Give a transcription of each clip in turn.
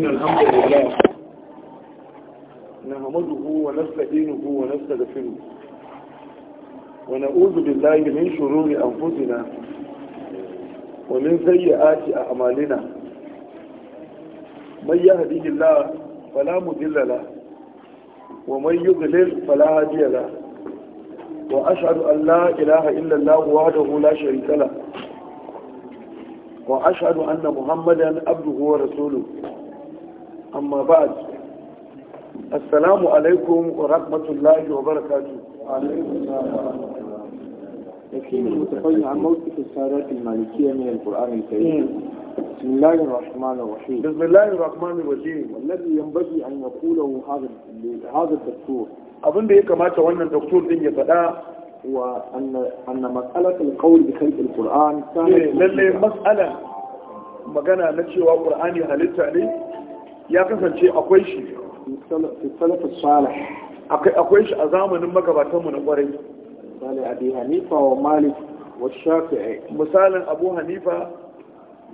إن الحمد لله نحمده ونستعينه ونستغفره ونعوذ بالله من شرور أنفسنا ومن سيئات أعمالنا من يهديه الله فلا مضل له ومن يضلل فلا هادي له وأشهد أن لا إله إلا الله وحده لا شريك له وأشهد أن محمدا عبده ورسوله أما بعد السلام عليكم ورحمة الله وبركاته وعليكم السلام ورحمة الله موقف المالكية من القرآن الكريم بسم الله الرحمن الرحيم بسم الله الرحمن الرحيم والذي ينبغي أن يقوله هذا هذا الدكتور أظن بيه كما تولى الدكتور دين يبدأ وأن أن مسألة القول بخلق القرآن كانت إيه، مسألة magana na cewa ƙur'ani halitta ne ya kasance akwai shi salafin salih akwai shi a zamanin magabatanmu na kwarai misali abu hanifa wa malik wa shafi'i misalin abu hanifa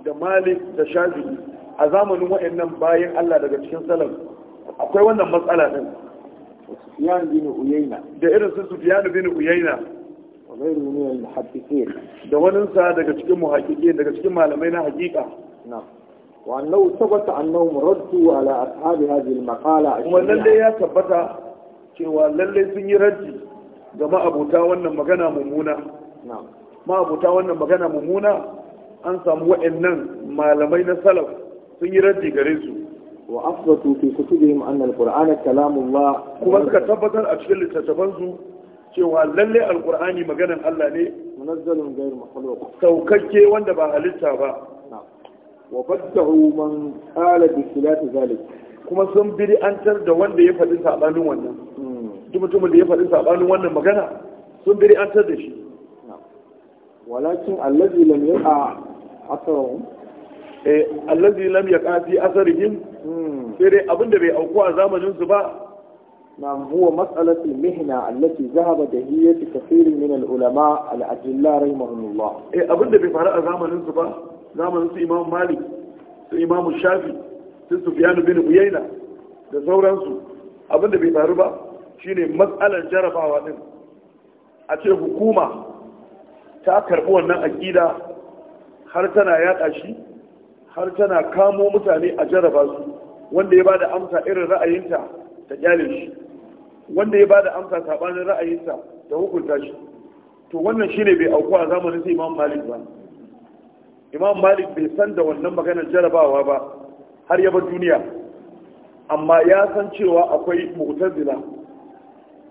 da malik da shafi'i a zamanin waɗannan bayan Allah daga cikin salaf akwai wannan matsala din Sufyan bin Uyayna da irin su Sufyan bin Uyayna wa ghayru min al-muhaddiqin da wannan sa daga cikin muhaqqiqin daga cikin malamai na haƙiƙa na'am وأنه ثبت أنهم ردوا على أصحاب هذه المقالة kuma lalle ya tabbata cewa lalle sun yi raddi ga ma'abuta wannan magana mummuna an samu waɗannan malamai na salaf sun yi raddi gare su kuma suka tabbatar a cikin littattafansu cewa lalle alqur'ani maganan Allah ne munazzalun ghayr wanda ba halitta ba wa faddahu man qala bi khilafi zalik kuma sun biri bid'antar da wanda ya faɗi sabanin wannan hmm. duk mutumin da ya faɗi sabanin wannan magana sun biri bid'antar da shi walakin allazi lam yaqa asarahum eh allazi lam yaqa fi asarihim hmm. sai dai abinda bai auku a zamanin su ba نعم هو مسألة المهنة التي ذهب دهية كثير من العلماء الأجلاء رحمهم الله إيه أبدا بفرق زمن الصباح zamanin su imam malik su imam shafi su sufiyanu bin uyaina da sauransu abinda bai faru ba shine matsalar jarabawa din a ce hukuma ta karɓi wannan aƙida har tana yaɗa shi har tana kamo mutane a jaraba su wanda ya bada amsa irin ra'ayinta ta gyale shi wanda ya bada amsa sabanin ra'ayinta ta hukunta shi to wannan shine bai auku a zamanin sai imam malik ba imam malik bai san da wannan maganar jarabawa ba har yaba duniya amma ya san cewa akwai mu'tazila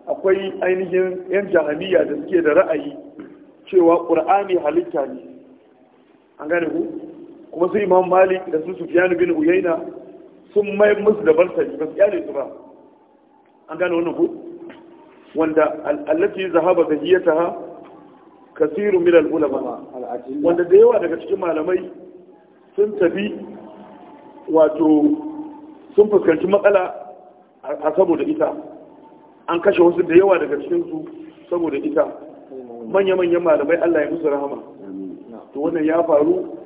akwai ainihin yan jahaniya da suke da ra'ayi cewa ƙur'ani halitta ne an gane ku kuma su imam malik da su sufyan bin uyaina sun mai musu da baltani ba su su ba an gane wannan ku wanda allati zahaba zahiyataha kasirun min ulama wanda da yawa daga cikin malamai sun tafi wato sun fuskanci matsala a saboda ita an kashe wasu da yawa daga cikin su saboda ita manya-manyan malamai Allah ya musu rahama to wannan ya faru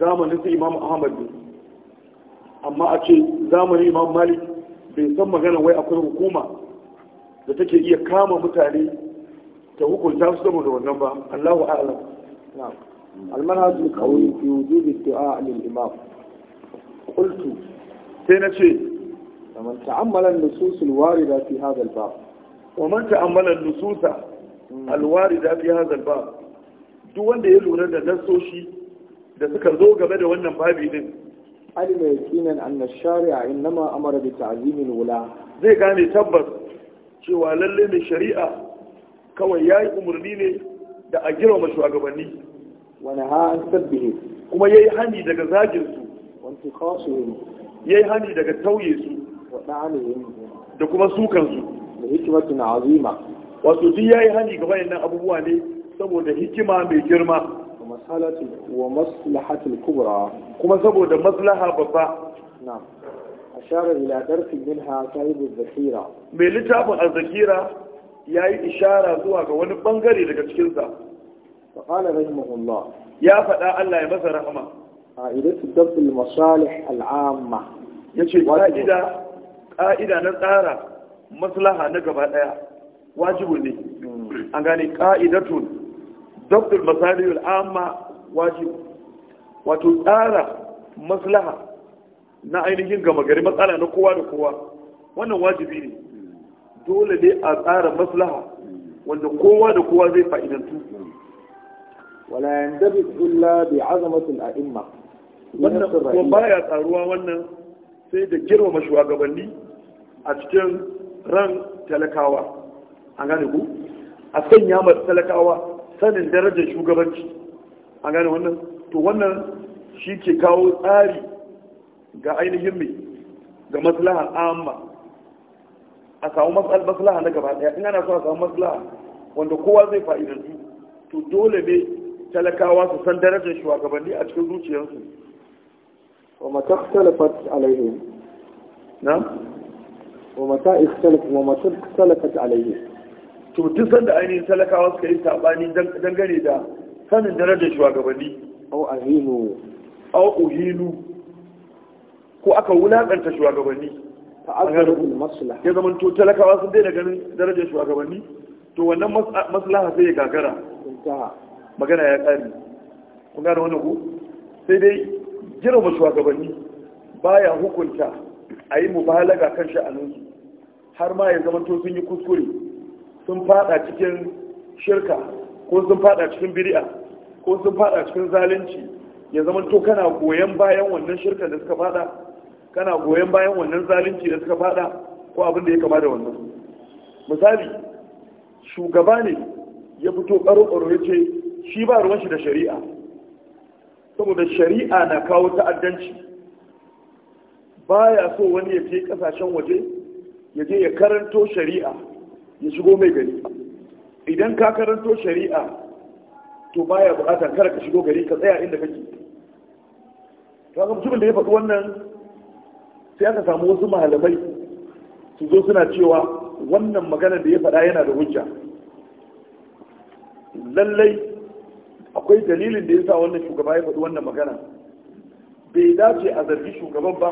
zamanin su Imam Ahmad ne amma a ce zamanin Imam Malik bai san magana wai akwai hukuma da take iya kama mutane ta hukunta su saboda wannan ba Allahu a'lam almanhaj alqawi fi da ittiba lil imam qultu sai na nace man ta'ammala an-nusus al-warida fi hadha al-bab wa man ta'ammala an-nusus al-warida fi hadha al duk wanda ya lura da nasoshi da suka zo game da wannan babi din alima yakinan anna ash-shari'a innama amara bi ta'zimi al-wula zai gane tabbas cewa lalle ne shari'a kawai ya yi umarni ne da a girma shugabanni wani ha an sabbihi kuma ya yi hani daga zaginsu wanti kasu ya yi hani daga tauye su da kuma sukansu da na azima wato duk ya yi hani ga wayannan abubuwa ne saboda hikima mai girma wa maslahatul kubra kuma saboda maslaha babba na'am ashara ila darsin minha sahibu zakira mai littafin azzakira ya yi ishara zuwa ga wani bangare daga cikinsa fa rahimahullah ya faɗa Allah ya masa rahama a su dabtul masalih al'amma ya ce ƙa'ida na tsara maslaha na gaba ɗaya wajibi ne hmm. an gane tun dabtul masalih al'amma wajibi wato tsara maslaha na ainihin gama gari matsala na kowa da kowa wannan wajibi ne dole ne a tsara maslaha wanda kowa da kowa zai fa'idantu wala yandabi illa bi azamatul a'imma wannan ko baya tsaruwa wannan sai da girmama shugabanni a cikin ran talakawa an gane ku a sanya ma talakawa sanin darajar shugabanci an gane wannan to wannan shi ke kawo tsari ga ainihin mai ga maslaha amma a samu maslaha na gaba daya in ana so a samu maslaha wanda kowa zai fa'idantu to dole ne talakawa su san darajar shugabanni a cikin zuciyarsu alaihi na عليهم نعم ومتى اختلف ومتى salafat alaihi to duk sanda ainihin talakawa suka yi sabani dangane da sanin darajar shugabanni au ahinu au uhinu ko aka wulakanta shugabanni ta'azzaru maslaha ya zaman to talakawa sun daina ganin darajar shugabanni to wannan maslaha sai ya gagara magana ya tsari kun gane wannan ko, sai dai girma shugabanni baya hukunta a yi mubalaga kan sha'aninsu har ma ya zama to sun yi kuskure sun fada cikin shirka ko sun fada cikin bid'a ko sun fada cikin zalunci ya zama to kana goyon bayan wannan shirka da suka fada kana goyon bayan wannan zalunci da suka fada ko abin da ya kama da wannan misali shugaba ne ya fito karo-karo ya ce shi ba ruwan shi da shari'a saboda shari'a na kawo ta'addanci Ba ya so wani ya je kasashen waje ya je ya karanto shari'a ya shigo mai gari idan ka karanto shari'a to baya bukatar kar ka shigo gari ka tsaya inda kake kaga mutumin da ya faɗi wannan sai aka samu wasu malamai su zo suna cewa wannan magana da ya faɗa yana da hujja lallai akwai dalilin da ya sa wannan shugaba ya faɗi wannan magana bai dace a zargi shugaban ba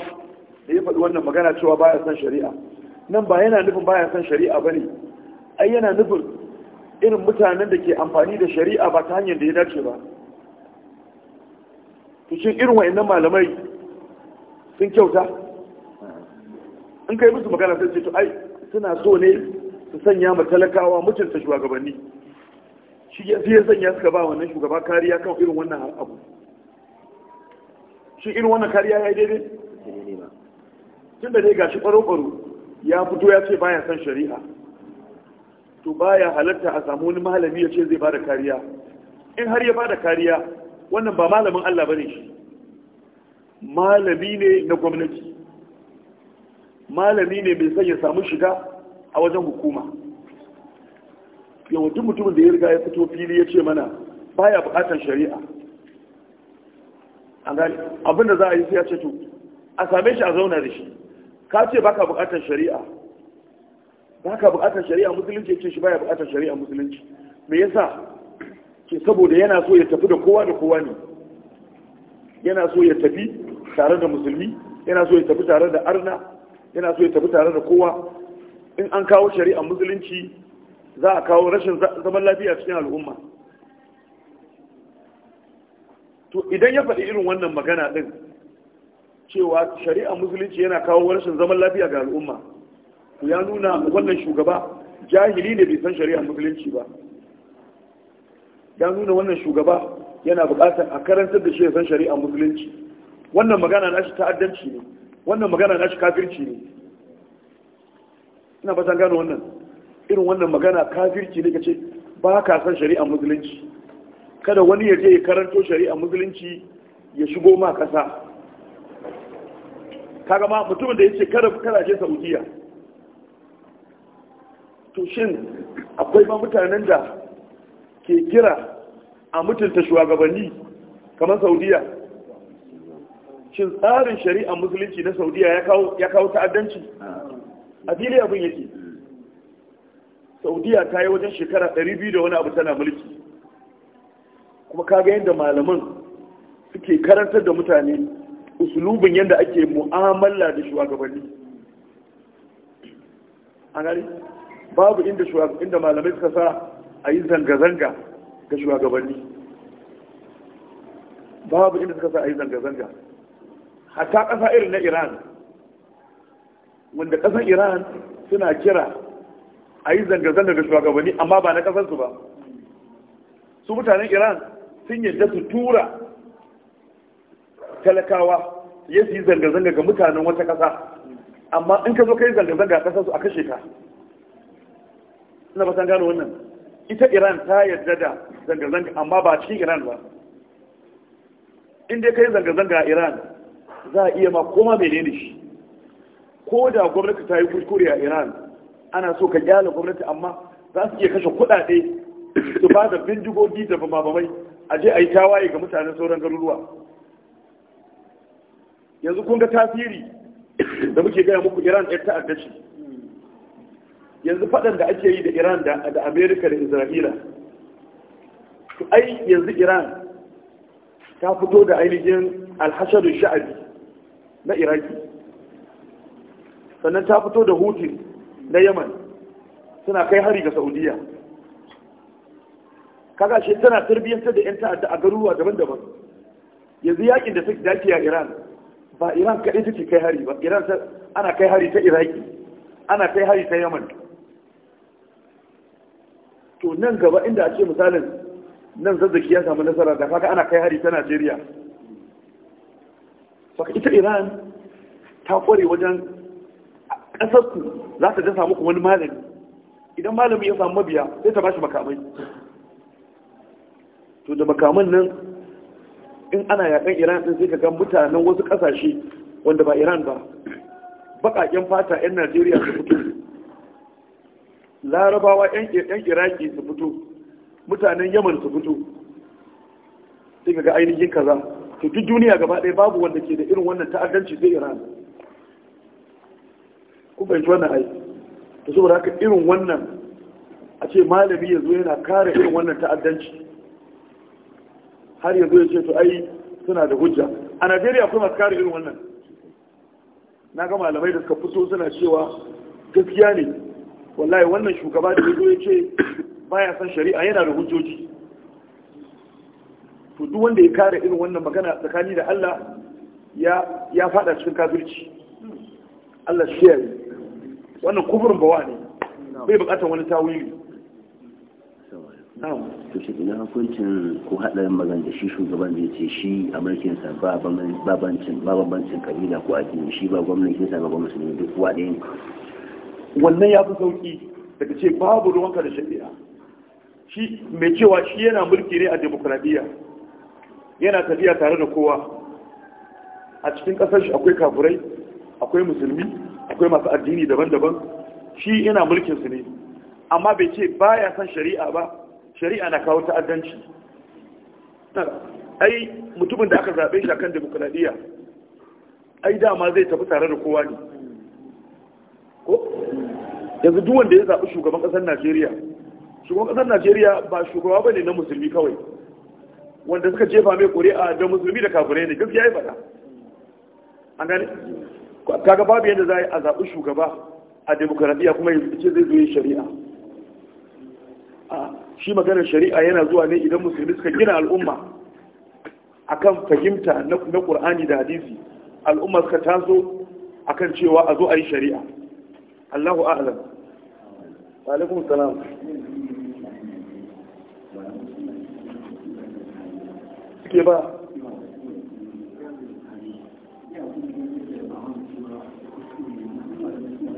da ya faɗi wannan magana cewa baya son shari'a nan ba yana nufin baya son shari'a ba ne ai yana nufin irin mutanen da ke amfani da shari'a ba ta hanyar da ya dace ba to irin wa'annan malamai sun kyauta in kai musu magana sai ce to ai suna so ne su sanya ma talakawa mutunta shugabanni shi ya sanya suka ba wannan shugaba kariya kan irin wannan abu shi irin wannan kariya ya yi daidai tun da dai ga shi kwaro-kwaro ya fito ya ce baya son shari'a to baya halatta a samu wani malami ya ce zai ba da kariya in har ya ba da kariya wannan ba malamin Allah ba ne shi malami ne na gwamnati malami ne bai sanya samu shiga a wajen hukuma Yawancin mutumin da ya riga ya fito fili ya ce mana baya bukatar shari'a abinda za a yi siya ya ce to a same shi a zauna da shi ka ce baka bukatar shari'a baka bukatar shari'a musulunci ce shi baya bukatar shari'a musulunci me yasa ke saboda yana so ya tafi da kowa da kowa ne yana so ya tafi tare da musulmi yana so ya tafi tare da arna yana so ya tafi tare da kowa in an kawo shari'a musulunci za a kawo rashin zaman lafiya cikin al'umma to idan ya faɗi irin wannan magana ɗin cewa shari'a musulunci yana kawo rashin zaman lafiya ga al'umma to ya nuna wannan shugaba jahili ne bai san shari'a musulunci ba ya nuna wannan shugaba yana buƙatar a karantar da shi ya san shari'a musulunci wannan magana na shi ta'addanci ne wannan magana na shi kafirci ne ina ba gano wannan irin wannan magana kafirci ne kace ba ka san shari'a musulunci kada wani ya je karanto shari'a musulunci ya shigo ma kasa kaga ma mutumin da yace kada kada je Saudiya to shin akwai ma mutanen da ke kira a mutunta shugabanni kamar Saudiya shin tsarin shari'ar musulunci na saudiya ya kawo ta'addanci a fili abin yake saudiya ta yi wajen shekara 200 da wani abu tana mulki kuma kaga yadda malaman suke karantar da mutane usulubin yadda ake mu'amala da shugabanni a gari babu inda malamai suka sa a yi zanga-zanga ga shugabanni babu inda suka sa a yi zanga-zanga hatta ƙasa irin na iran wanda ƙasar iran suna kira a yi zanga-zanga da shugabanni amma ba na ƙasarsu ba su mutanen iran sun yadda su tura talakawa ya su yi zanga-zanga ga mutanen wata ƙasa amma in ka zo ka yi zanga-zanga a ƙasarsu a kashe ka ina ba san gano wannan ita iran ta yadda da zanga-zanga amma ba cikin iran ba in dai ka yi zanga-zanga a iran za a iya ma koma menene shi ko da gwamnati ta yi kuskure a iran ana so ka gyara gwamnati amma za su iya kashe kuɗaɗe su ba da bindigogi da bababai a je a yi tawaye ga mutanen sauran garuruwa yanzu kun ga tasiri da muke gaya muku iran ɗaya ta'adda ce yanzu faɗan da ake yi da iran da amerika da isra'ila ai yanzu iran ta fito da ainihin alhashadun sha'abi na iraki sannan ta fito da hutu na yaman suna kai hari ga saudiya kaga shi tana tarbiyyantar da 'yan ta'adda a garuruwa daban-daban yanzu yakin da suke dace a iran ba iran kaɗai suke kai hari ba iran ana kai hari ta iraki ana kai hari ta yaman to nan gaba inda a ce misalin nan zazzaki ya samu nasara da kaka ana kai hari ta najeriya saka ita iran ta kware wajen ƙasarku za ta jasa muku wani malami idan malami ya samu mabiya sai ta bashi makamai to da makaman nan in ana yakan iran din sai ka ga mutanen wasu ƙasashe wanda ba iran ba baƙaƙen fata 'yan najeriya su fito larabawa 'yan iraki su fito mutanen yaman su fito sai ga ainihin kaza to duk duniya gaba ɗaya babu wanda ke da irin wannan ta'addanci zai iran ku fahimci wannan ai to saboda haka irin wannan a ce malami ya zo yana kare irin wannan ta'addanci har yanzu ya ce to ai suna da hujja a najeriya kuma masu kare irin wannan na ga malamai da suka fito suna cewa gaskiya ne wallahi wannan shugaba da ya zo ya ce baya san shari'a yana da hujjoji to duk wanda ya kare irin wannan magana tsakani da Allah ya ya fada cikin kafirci Allah shi yayi wannan kufurin bawa ne bai bukatar wani tawili to shi ina hukuncin ko haɗarin magana da shi shugaban da ya ce shi a mulkin sa ba babancin kabila ko addini shi ba gwamnatin sa ba gwamnatin ne duk wa ɗaya wannan ya fi sauƙi daga ce babu ruwanka da shari'a shi mai cewa shi yana mulki ne a demokradiyya yana tafiya tare da kowa a cikin kasar shi akwai kafurai akwai musulmi akwai masu addini daban-daban shi yana mulkin su ne amma bai ce baya san shari'a ba shari'a na kawo ta'addanci ai mutumin da aka zaɓe shi akan demokradiyya ai dama zai tafi tare da kowa ne ko yanzu duk wanda ya zaɓi shugaban ƙasar najeriya shugaban ƙasar najeriya ba shugaba ne na musulmi kawai wanda suka jefa mai ƙuri'a da musulmi da kafirai ne duk ya yi faɗa an gani kaga babu yadda za a yi a zaɓi shugaba a demokaradiyya kuma yanzu ce zai zo yin shari'a shi maganar shari'a yana zuwa ne idan musulmi suka gina al'umma akan fahimta na ƙur'ani da hadisi al'umma suka taso akan cewa a zo a yi shari'a Allahu a'lam. Wa alaikum salam. ke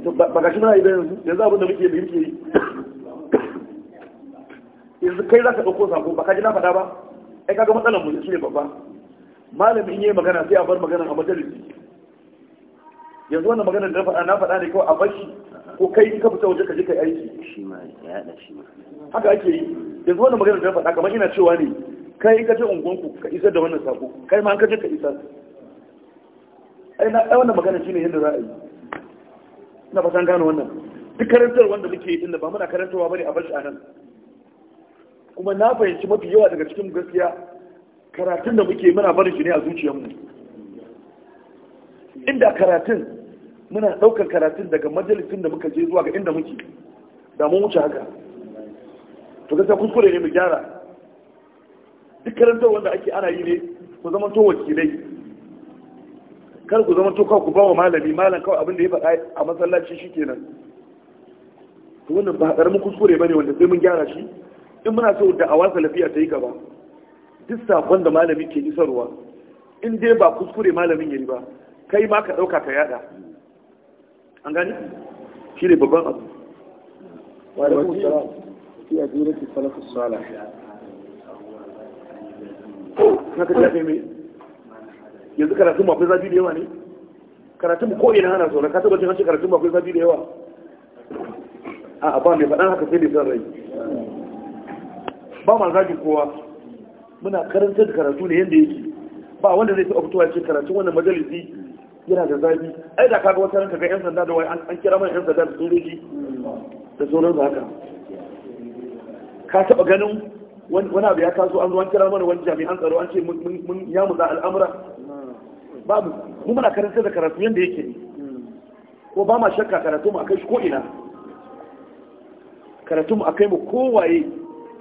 ba ba ga shi na idan yanzu abin da muke da yake yi yanzu kai za ka ɗauko sako ba ka ji na faɗa ba ai kaga matsalar mu shi ne babba malamin in yi magana sai a bar magana a majalisi yanzu wannan magana da na faɗa na faɗa ne kawai a bashi ko kai in ka fita waje ka je kai aiki haka ake yi yanzu wannan magana da na faɗa kamar ina cewa ne kai ka ce ungonku ka isar da wannan sako kai ma an kaje ka isar ai na wannan magana shine yadda za a yi ina fatan gano wannan duk karantar wanda muke yi ba muna karantarwa bane a bashi anan kuma na fahimci mafi yawa daga cikin gaskiya karatun da muke muna barin shi ne a zuciyarmu inda karatun muna ɗaukar karatun daga majalisun da muka je zuwa ga inda muke da mun wuce haka to gaskiya kuskure ne mu gyara duk karantar wanda ake ana yi ne ku zama to wakilai kar ku zama to kawai ku ba wa malami malam kawai abin da ya faɗa a masallaci shi kenan to wannan ba ƙaramin kuskure bane wanda sai mun gyara shi in muna so da awa salafiya ta yi gaba duk sakon da malami ke isarwa in dai ba kuskure malamin yayi ba kai ma ka ɗauka ka yada an gani shi ne babban abu wa alaikum salam fi adilati salafus salih haka ta kai mai yanzu karatun ba akwai zafi da yawa ne karatun ko ina hana sauran ka taba jin karatun ba akwai zafi da yawa a ba mai faɗan haka sai da san rai ba ma zafi kowa muna karanta da karatu ne yadda yake ba wanda zai taɓa fitowa ce karatun wannan majalisi yana da zafi ai da kaga wata ranka ga yan sanda da wai an kira mana yan sanda da sojoji da sauran haka ka taɓa ganin wani abu ya taso an zo kira mana wani jami'an tsaro an ce mun ya mu za al'amura babu mu muna karanta da karatu yadda yake ne ko ba ma shakka karatu mu akai shi ko ina karatu mu akai mu kowaye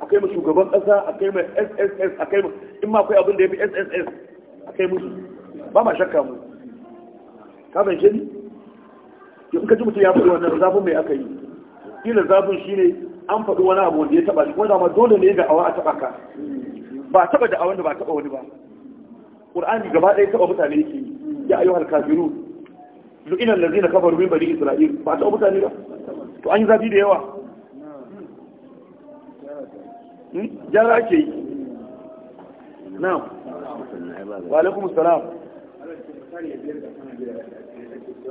akai mu shugaban kasa akai mu SSS akai mu in ma akwai abin da yafi SSS akai musu ba ma shakka mu ka ban shi in ka ji mutum ya fi wannan zafin mai aka yi kila zafin ne. an faɗi wani abu wanda ya taɓa shi wanda ma dole ne da'awa a taɓa ka ba taɓa da'awa da ba taɓa wani ba ƙur'ani gaba ɗaya taɓa mutane ke ya halkafiru lu'inan lu'ina allazina kafaru rubin bari isra'il ba taɓa mutane ba to an yi zafi da yawa jara hmm? ake yi na'am wa alaikum salam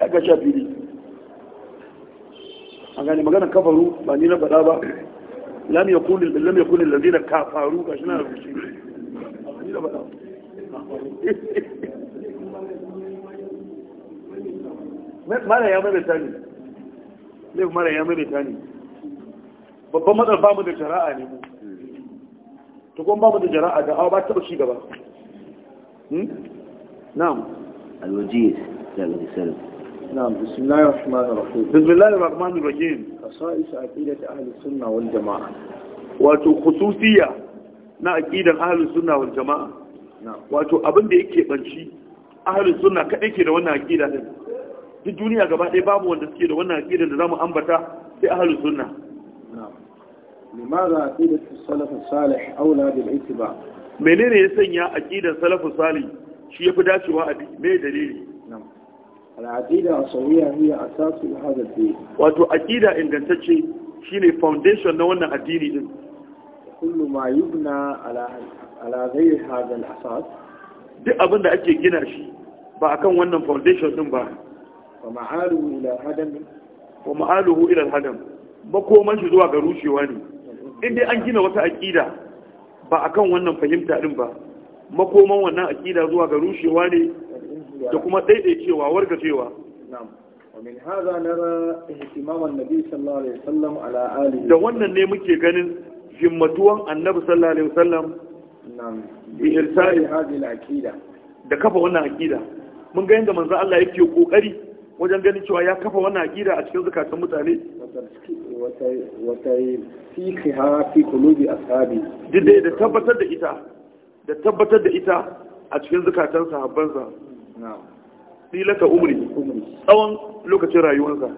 ya ga sha fili a gani maganar kafaru ba ni na faɗa ba lam ya kulin lam ya kulin lazi na kafaru ga shi na rubuce ni na faɗa mara ya maimaita ne laifin mara ya maimaita ne babban matsar ba mu da jara'a ne mu tukun ba mu da jara'a da awa ba taɓa shi gaba na'am alwajiz daga misalin نعم بسم الله الرحمن الرحيم بسم الله الرحمن الرحيم خصائص عقيدة أهل السنة والجماعة wato khususiya na aqidar ahlus sunna wal jamaa wato abin da yake banci ahlus sunna kadai ke da wannan aqida din duk duniya gaba ɗaya babu wanda suke da wannan aqidar da zamu ambata sai ahlus sunna limaza aqidat salaf salih aula bil ittiba menene ya sanya aqidar salaf salih shi yafi dacewa a bi me dalili al'aqida sawiya hiya asasu hadha ad-din wato aqida ingantacce shine foundation na wannan addini din kullu ma yubna ala ala ghayri hadha al-asas duk abin ake gina shi ba akan wannan foundation din ba wa ma'aluhu ila al-hadam makoman shi zuwa ga rushewa ne in dai an gina wata aqida ba akan wannan fahimta din ba makoman wannan aqida zuwa ga rushewa ne da kuma daidaicewa wargajewa warga cewa, da wannan ne muke ganin himmatuwan annabi sallallahu alaihi wasallam bi irsali hadhihi al-aqida da kafa wannan aqida mun ga yanda manzo Allah yake kokari wajen ganin cewa ya kafa wannan aqida a cikin zakatun mutane wata fiqha fi qulubi ashabi da tabbatar da ita da tabbatar da ita a cikin zakatun sa silata umri tsawon lokacin rayuwarsa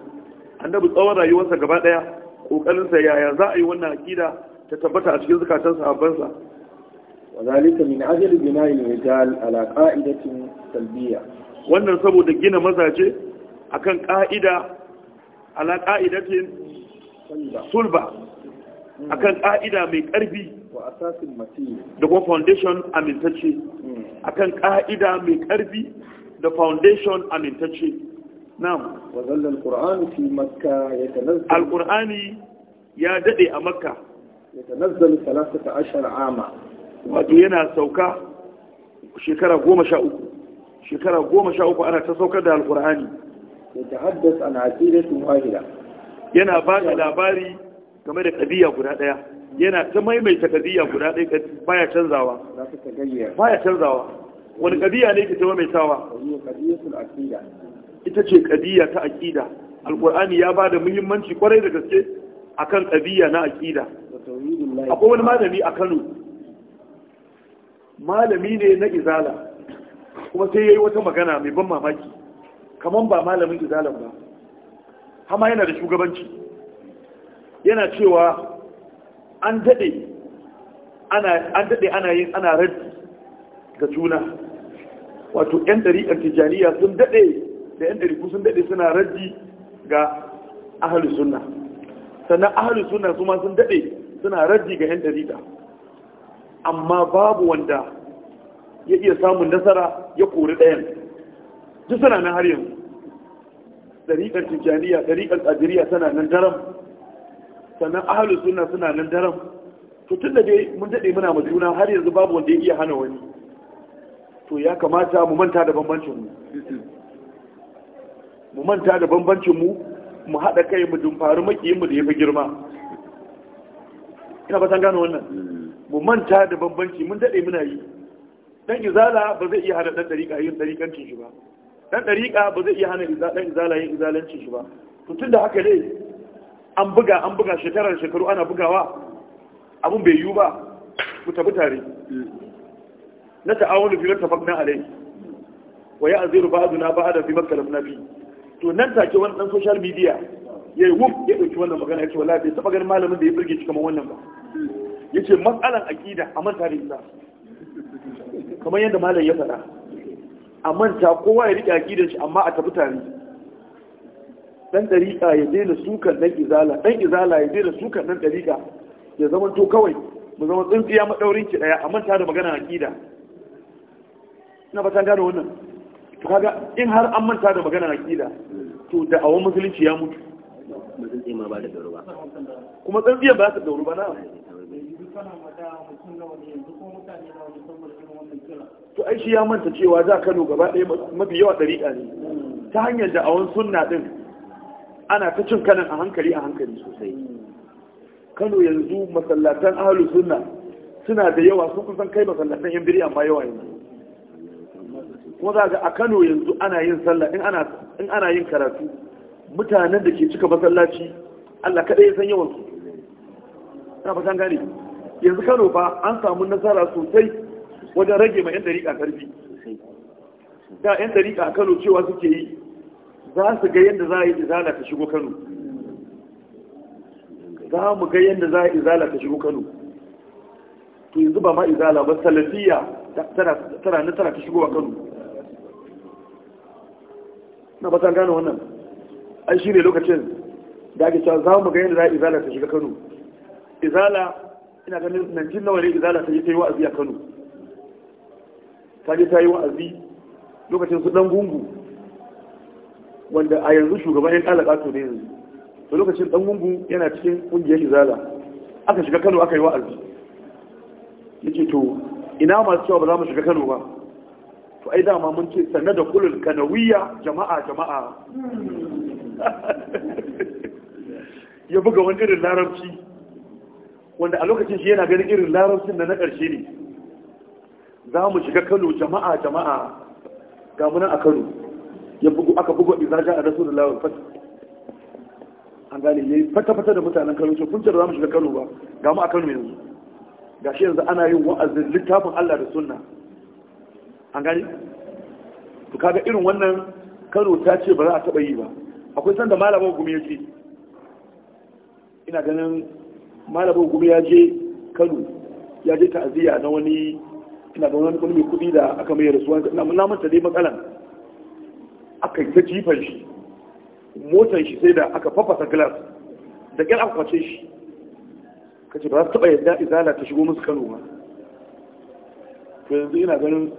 annabi tsawon rayuwarsa gaba ɗaya ƙoƙarinsa yaya za a yi wannan akida ta tabbata a cikin zukatan sahabbansa Wazalika min ajali bina'il rijal ala qa'idatin salbiya wannan saboda gina mazaje akan ka'ida ala qa'idatin sulba hmm. akan ƙa'ida mai karfi da kuma foundation amintacce hmm. akan ka'ida mai karfi da foundation amintacce na'am wa zallal fi makka yatanazzal alqur'ani ya daɗe a makka yatanazzalu 13 ama wato yana sauka shekara goma sha uku shekara goma sha uku ana ta saukar da alqur'ani yatahaddas an asiratin wahida yana ba da labari game da ƙabiya guda ɗaya yana ta maimaita kadiyya guda ɗaya baya canzawa baya canzawa wani kadiyya ne ke ta maimaitawa ita ce kadiyya ta aqida alqur'ani ya ba da muhimmanci kwarai da gaske akan kadiyya na aqida akwai wani malami a Kano malami ne na izala kuma sai yayi wata magana mai ban mamaki kaman ba malamin izalan ba hama yana da shugabanci yana cewa an daɗe ana yin ana raddi ga juna wato 'yan ɗariƙar tijjaniya sun daɗe da 'yan ɗariƙu sun daɗe suna raddi ga ahalus suna. sannan ahalus suna su sun daɗe suna raddi ga 'yan ɗariƙa amma babu wanda ya iya samun nasara ya kori ɗayan duk suna nan har yanzu ɗariƙar tijjaniya ɗariƙar tsadiriya suna nan daram sannan ahalu suna suna nan daren to tun da dai mun daɗe muna ma juna har yanzu babu wanda ya iya hana wani to ya kamata mu manta da bambancin mu mu manta da bambancin mu mu haɗa kai mu dumfari makiyin mu da ya fi girma ina san gano wannan mu manta da bambanci mun daɗe muna yi dan izala ba zai iya hana dan dariƙa yin dariƙancin shi ba dan dariƙa ba zai iya hana dan izala yin izalancin shi ba to tun da haka dai an buga an buga shekarar shekaru ana bugawa abin bai yiwu ba ku tafi tare na ta'awunu fi tafakna alai wa ya aziru ba'duna ba'da fi makalafna fi to nan take wani dan social media yayi wuf ya dauki wannan magana yace wallahi bai taɓa ganin malamin da ya burge shi kamar wannan ba yace matsalan akida a manta da ita kamar yadda malam ya faɗa a manta kowa ya rike akidar shi amma a tafi tare dan dariƙa ya daina sukan dan izala dan izala ya daina sukan dan dariƙa ya zama to kawai mu zama tsintsiya maɗaurin ki ɗaya a manta da magana aƙida ina fatan gane wannan to kaga in har an manta da magana aƙida to da awon musulunci ya mutu kuma tsintsiya ba ta dauru ba na to ai shi ya manta cewa za Kano gaba ɗaya mafi yawa ɗariƙa ne ta hanyar da awon sunna ɗin ana ta cin kanin a hankali a hankali sosai kano yanzu masallatan ahalu sunna suna da yawa sun kusan kai masallatan yan biri amma yawa yanzu kuma za ga a kano yanzu ana yin sallah in ana yin karatu mutanen da ke cika masallaci allah kaɗai ya san yawansu na fasan gane yanzu kano fa an samu nasara sosai wajen rage ma yan dariƙa karfi da yan dariƙa a kano cewa suke yi za su ga yadda za a yi izala ta shigo kano za mu ga yadda za a yi izala ta shigo kano to yanzu ba ma izala ba salafiya tana na tara ta shigo a kano na batan gane wannan an shi ne lokacin da ake cewa za mu ga yadda za a yi izala ta shiga kano izala ina ganin nan jin nawa ne izala ta yi ta yi wa'azi a kano ta je ta yi wa'azi lokacin su dan gungu wanda a yanzu shugaban ya kala kato ne yanzu to lokacin dan gungu yana cikin kungiyar izala aka shiga Kano aka yi wa'azi yake to ina masu cewa ba za mu shiga Kano ba to ai dama mun ce sanna da kulul kanawiya jama'a jama'a ya buga wani irin larabci wanda a lokacin shi yana ganin irin larabcin da na ƙarshe ne za mu shiga Kano jama'a jama'a ga munan a Kano ya bugu aka bugu idza da rasulullahi fat an gane yayi fata fata da mutanen Kano ce kun ce za mu shiga Kano ba ga mu a Kano yanzu Ga shi yanzu ana yin wa'azin littafin Allah da sunna an gane to kaga irin wannan Kano ta ce ba za a taba yi ba akwai sanda malamin gumi ce. ina ganin malamin gumi ya je Kano ya je ta'aziyya na wani ina ganin wani mai kuɗi da aka mai rasuwa na ta dai matsalan aka yi ta jifan shi motar shi sai da aka fafasa glass da ƙyar aka shi ka ce ba za su taɓa yadda izala ta shigo musu kano ba to yanzu ina ganin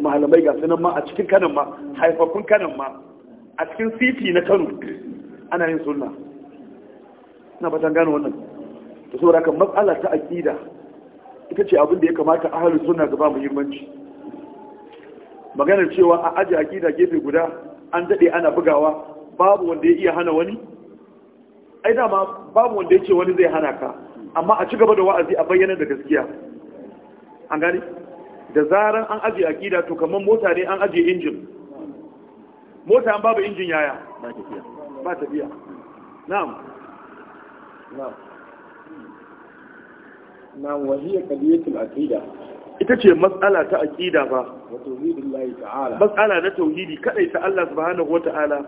malamai ga sunan ma a cikin kanan ma haifafun kanan ma a cikin Siti na kano ana yin sunna ina fatan gano wannan to saboda kan matsala ta aƙida ita ce abin da ya kamata ahalin sunna suna ba muhimmanci maganar cewa a aji akida gefe guda an daɗe ana bugawa babu wanda ya iya hana wani ai dama babu wanda ya ce wani zai hana ka amma a ci gaba da wa'azi a bayyana da gaskiya an gani da zaran an aji akida to kamar mota ne an aji injin mota an babu injin yaya ba tafiya na'am na'am na'am wahiyar kadiyatul akida ita ce matsala ta aqida ba matsala na tauhidi kadai ta Allah subhanahu wata'ala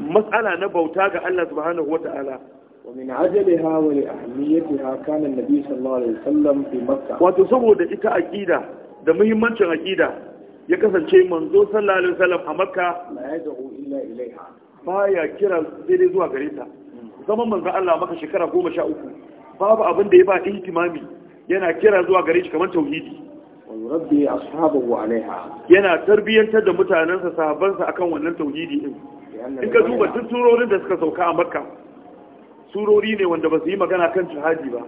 matsala na bauta ga Allah subhanahu wata'ala ومن عجلها ولأهميتها كان النبي صلى الله عليه وسلم في مكة وتصبود إتا أكيدة ده مهمان شن أكيدة يكسن شيء منذ صلى الله عليه وسلم في مكة لا يدعو إلا إليها بايا كرا زيري زوا غريتا زمان من ذا الله مكة شكرا قوم شاء أكو باب أبن ديبا اهتمامي yana kira zuwa gare shi kamar tauhidi rabbi ashabahu alaiha yana tarbiyantar da mutanansa sahabbansa akan wannan tauhidi din in ka duba duk surorin da suka sauka a makka surori ne wanda ba su yi magana kan jihadi ba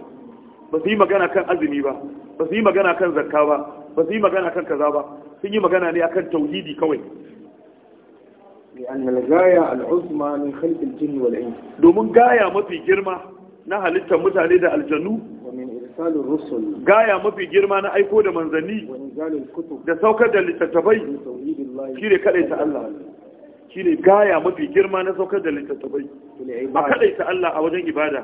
ba su yi magana kan azumi ba ba su yi magana kan zakka ba ba su yi magana kan kaza ba sun yi magana ne akan tauhidi kawai لأن الغاية العظمى من خلق الجن والإنس دومن غاية ما في جرمه na halittar mutane da aljanu. gaya mafi girma na aiko da manzanni da saukar da littattafai shi ne kaɗaita Allah shi ne gaya mafi girma na saukar da littattafai a kaɗaita Allah a wajen ibada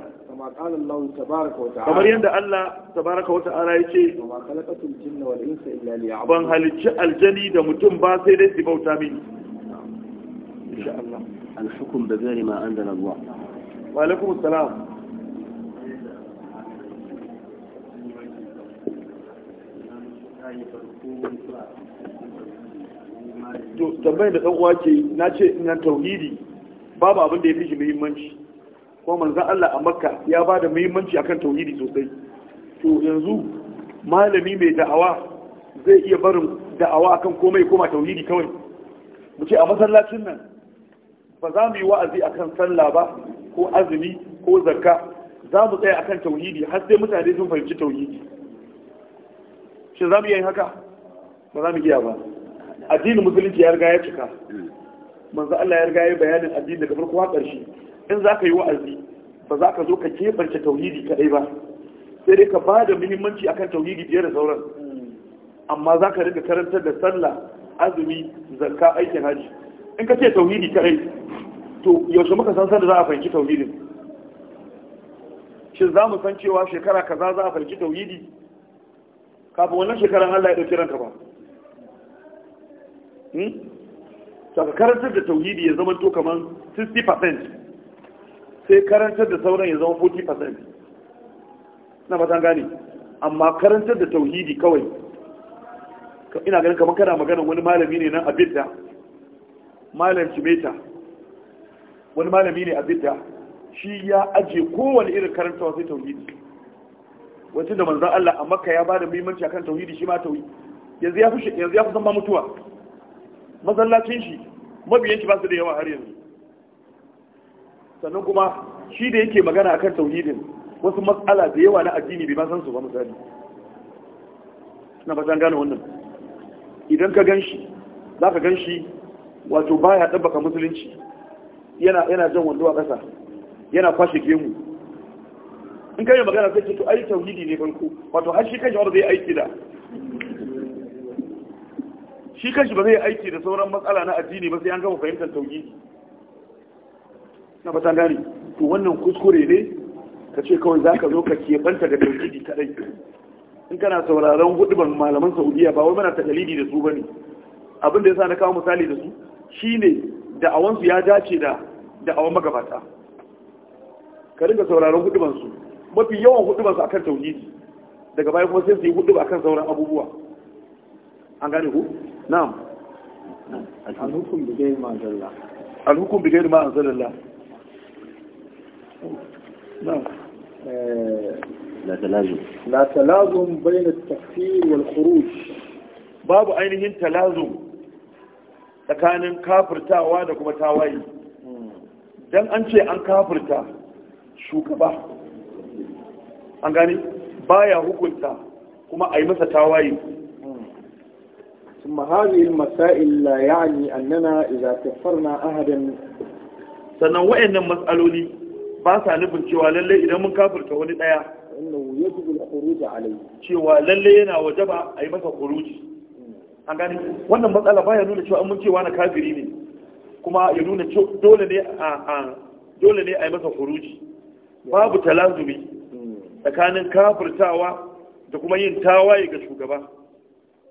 kamar yadda Allah tabaraka wa ta'ala ya ce ban halicci aljani da mutum ba sai dai su bauta mini insha Allah al-hukm bi ghairi ma to tambayar da ɗan'uwa ke na ce na tauhidi babu abin da ya fi shi muhimmanci kuma manzan Allah a makka ya ba da muhimmanci akan tauhidi sosai to yanzu malami mai da'awa zai iya barin da'awa akan komai koma tauhidi kawai mu ce a masallacin nan ba za mu yi wa'azi akan sallah ba ko azumi ko zakka za mu tsaya akan tauhidi har sai mutane sun fahimci tauhidi shin za mu yi haka ba za mu giya ba addinin musulunci ya riga ya cika manzo Allah ya riga ya bayanin addini daga farko har ƙarshe in za ka yi wa'azi ba za ka zo ka keɓance tauhidi kaɗai ba sai dai ka ba da muhimmanci akan tauhidi biyar da sauran amma za ka riga karantar da sallah azumi zakka aikin haji in ka ce tauhidi kaɗai to yaushe muka san sanda za a fahimci tauhidin shin za mu san cewa shekara kaza za a fahimci tauhidi kafin wannan shekaran Allah ya ɗauki ranka ba saka hmm? karantar da tauhidi ya zama to kamar 60% sai karantar da sauran ya zama 40% na fatan gane amma karantar da tauhidi kawai ina ganin kamar kana maganin wani malami ne nan a bidda malam cimeta wani malami ne a bidda shi ya ajiye kowane irin karantawa sai tauhidi wajen da manzan Allah a makka ya ba da muhimmanci akan tauhidi shi ma ta'uhi. yanzu ya fi yanzu ya zama mutuwa masallacin shi mabiyanci ba su da yawa har yanzu sannan kuma shi da yake magana akan tauhidin wasu matsala da yawa na addini bai ma san su ba misali na fatan gane wannan idan ka gan shi za ka gan shi wato baya ɗabbaka musulunci yana jan wando a ƙasa yana kwashe gemu in kai magana sai ce to ai tauhidi ne farko wato har shi kanshi wanda zai aiki da shi kanshi ba zai aiki da sauran matsala na addini ba sai an gama fahimtar tauhidi na ba ta to wannan kuskure ne ka ce kawai za ka zo ka keɓanta da tauhidi kadai in kana sauraron hudubar malaman saudiya ba wai mana ta dalili da su ba ne abin da ya sa na kawo misali da su shine da'awansu ya dace da da'awan magabata ka dinga sauraron hudubansu mafi yawan hudu ba su akan tauhidi daga baya kuma sai su yi hudu ba akan sauran abubuwa an gane ku na'am alhukum bi gairi ma anzalalla alhukum bi gairi ma anzalalla na'am eh, la talazum la talazum bayan at-takfir wal khuruj babu ainihin talazum tsakanin kafirtawa da kuma tawaye hmm. dan an ce an kafirta shugaba an ba baya hukunta kuma a yi masa tawaye kuma هذه masa'il la يعني annana idza kaffarna ahadan sannan wa'annan matsaloli ba sa nufin cewa lalle idan mun kafirta wani daya annahu yajibu al-khuruj alayhi cewa lalle yana wajaba a yi masa khuruji an gani wannan matsala baya nuna cewa mun cewa na kafiri ne kuma ya nuna dole ne a dole ne a yi masa khuruji babu talazumi tsakanin kafirtawa da kuma yin tawaye ga shugaba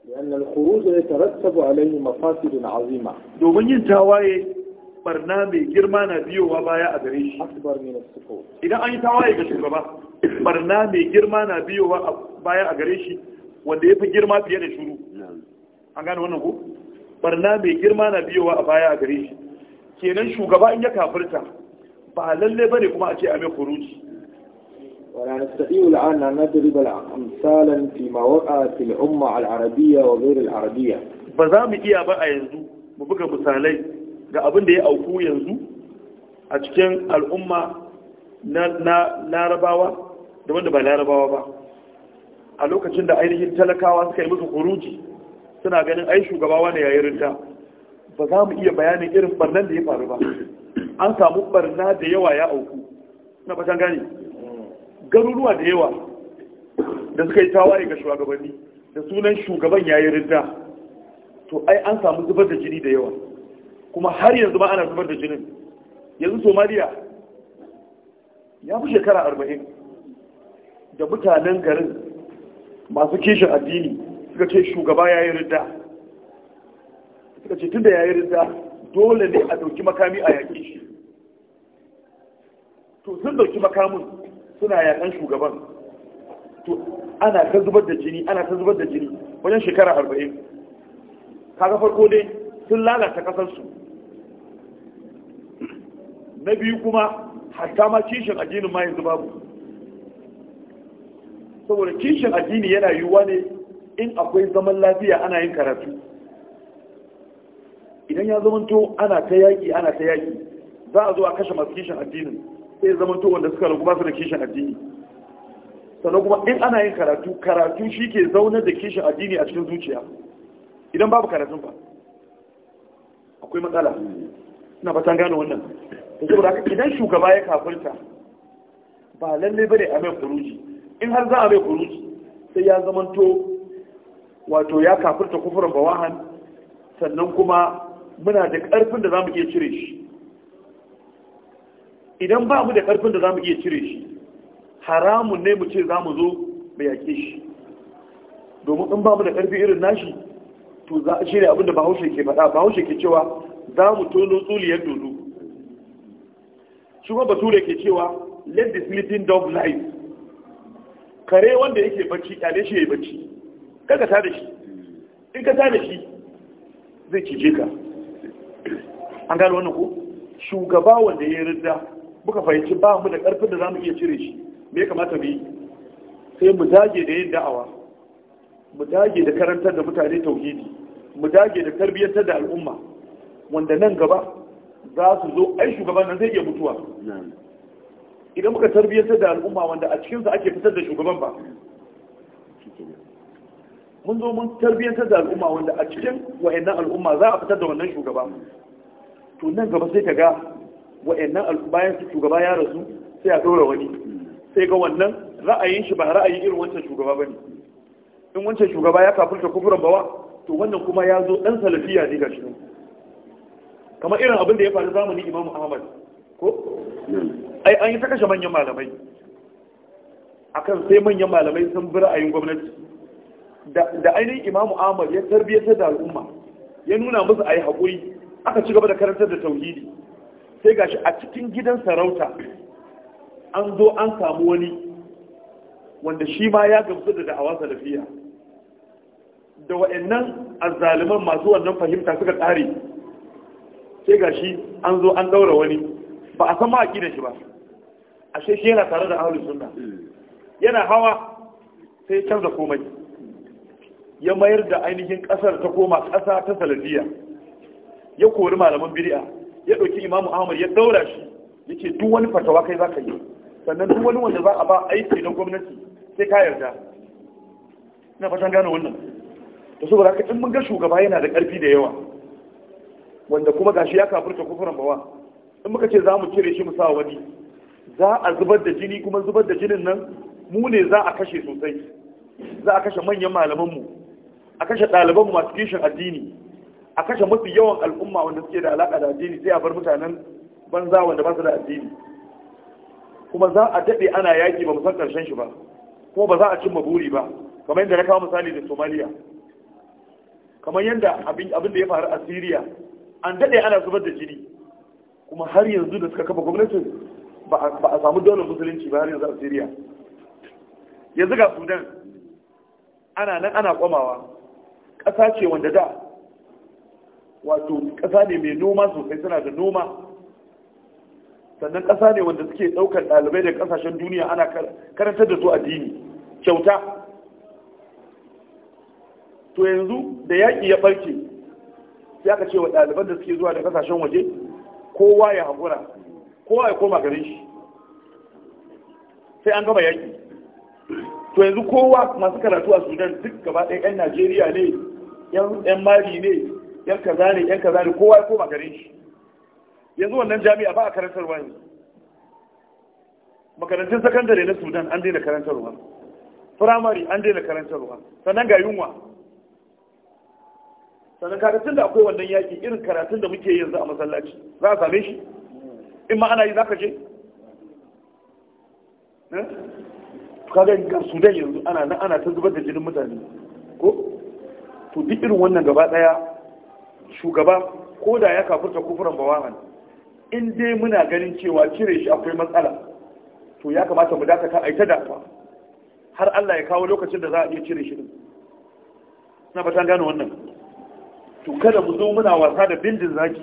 لأن الخروج يترتب عليه مفاسد عظيمة دومين ينتواي برنامج جرمانا بيو وبايا أدريش أكبر من السفور إذا أي تواي كشغبا برنامج جرمانا بيو وبايا أدريش wanda ya fi girma fiye da shuru an gane wannan ko barna mai girma na biyo a baya a gare shi kenan shugaba in ya kafirta ba lalle bane kuma a ce a mai kuruci ولا نستطيع الآن أن نضرب أمثالا فيما وقع في الأمة العربية وغير العربية بزام إيا بقى ينزو مبقى مثالي ga abin da ya auku yanzu a cikin al'umma larabawa da wanda ba larabawa ba a lokacin da ainihin talakawa suka yi musu kuruji suna ganin ai shugabawa ne yayin ba za mu iya bayanin irin barnan da ya faru ba an samu barna da yawa ya auku na fatan gani garuruwa da yawa da suka yi tawaye ga shugabanni da sunan shugaban ya yi to ai an samu zubar da jini da yawa kuma har yanzu ba ana zubar da jinin yanzu somaliya ya fi shekara arba'in da mutanen garin masu kishin addini suka ce shugaba ya yi suka ce tun da ya yi dole ne a ɗauki makami a yaƙi shi to sun ɗauki makamin suna yakan shugaban to ana ta zubar da jini ana ta zubar da jini wajen shekara arba'in kaga farko dai sun lalata kasarsu na biyu kuma hatta ma kishin addinin ma yanzu babu saboda kishin addini yana yiwuwa ne in akwai zaman lafiya ana yin karatu idan ya zamanto ana ta yaƙi ana ta yaƙi za a zo a kashe masu kishin addinin sai zama to wanda suka ragu ba su da kishin addini sannan kuma in ana yin karatu karatu shi ke zaunar da kishin addini a cikin zuciya idan babu karatun ba akwai matsala na fatan gane wannan da saboda idan shugaba ya kafirta ba lalle bane a mai kuruji in har za a mai kuruji sai ya zamanto wato ya kafirta kufurin bawahan sannan kuma muna da karfin da za mu iya cire shi idan ba mu da ƙarfin da za mu iya cire shi haramun ne mu ce za mu zo mai yaƙe shi domin in ba mu da ƙarfi irin nashi to za a shirya abinda bahaushe ke faɗa bahaushe ke cewa za mu tono tsuliyar dodo shugaba kuma ke cewa let the sleeping dog lie kare wanda yake bacci kyale shi ya yi bacci kaka ta da shi in ka ta da shi zai cije ka an gano wannan ko shugaba wanda ya yi rida muka fahimci ba mu da ƙarfin da za mu iya cire shi me kamata mu yi sai mu dage da yin da'awa mu dage da karantar da mutane tauhidi mu dage da tarbiyyantar da al'umma wanda nan gaba za su zo ai shugaban nan zai iya mutuwa idan muka tarbiyyantar da al'umma wanda a cikinsa ake fitar da shugaban ba mun zo mun tarbiyyantar da al'umma wanda a cikin wayannan al'umma za a fitar da wannan shugaba to nan gaba sai ka ga wa'annan bayan su shugaba ya rasu sai a ɗora wani sai ga wannan ra'ayin shi ba ra'ayin irin wancan shugaba ba ne in wancan shugaba ya kafurta kufuran bawa to wannan kuma ya zo ɗan salafiya ne ga shi kamar irin abin da ya faru zamani, imamu ahmad ko ai an yi ta kashe manyan malamai akan sai manyan malamai sun bi ra'ayin gwamnati da ainihin imamu ahmad ya tarbiyyatar da al'umma ya nuna musu a yi haƙuri aka ci gaba da karantar da tauhidi sai gashi a cikin gidan sarauta an zo an samu wani wanda shi ma ya gamsu da da'awa salafiya da wa'annan azzaliman masu wannan fahimta suka tsare sai gashi an zo an daura wani ba a san ma da shi ba ashe shi yana tare da ahlus sunna yana hawa sai canza komai ya mayar da ainihin ƙasar ta koma ƙasa ta salafiya ya kori malaman bid'a ya ɗauki imamu ahmad ya daura shi Ya ce duk wani fatawa kai za ka yi sannan duk wani wanda za a ba aiki na gwamnati sai ka yarda ina fatan gane wannan da su haka in mun ga shugaba yana da ƙarfi da yawa wanda kuma gashi ya kafurta kufuran bawa in muka ce za mu cire shi mu sa wani za a zubar da jini kuma zubar da jinin nan mu ne za a kashe sosai za a kashe manyan malamanmu a kashe ɗalibanmu masu kishin addini a kashe mafi yawan al'umma wanda suke da alaƙa da addini sai a bar mutanen banza wanda ba su da addini kuma za a daɗe ana yaƙi ba san ƙarshen shi ba kuma ba za a cimma buri ba kamar yadda na kawo misali da somaliya kamar yadda abin da ya faru a syria an daɗe ana zubar da jini kuma har yanzu da suka kafa gwamnatin ba a samu dole musulunci ba har yanzu a syria yanzu ga sudan ana nan ana kwamawa ƙasa ce wanda da wato ƙasa ne mai noma sosai suna da noma sannan ƙasa ne wanda suke ɗaukar ɗalibai da ƙasashen duniya ana karantar da su addini kyauta to yanzu da yaƙi ya ɓarke sai aka ce wa ɗaliban da suke zuwa da ƙasashen waje kowa ya haƙura kowa ya koma garin shi sai an gama yaƙi to yanzu kowa masu karatu a sudan duk gaba ɗaya 'yan najeriya ne 'yan mali ne yan kaza ne yan kaza ne kowa ya koma gare shi yanzu wannan jami'a ba a karantarwa yanzu makarantun sakandare na sudan an daina karantarwa firamare an daina karantarwa sannan ga yunwa sannan karatun da akwai wannan yaki irin karatun da muke yanzu a masallaci za a same shi in ma ana yi za ka je eh? kaga ga sudan yanzu ana ta zubar da jinin mutane ko to duk irin wannan gaba daya shugaba ko da ya kafurta kufuran bawahan in dai muna ganin cewa cire shi akwai matsala to ya kamata mu dakata a ita dafa har Allah ya kawo lokacin da za a iya cire shi din na batan gano wannan to kada mu zo muna wasa da bindin zaki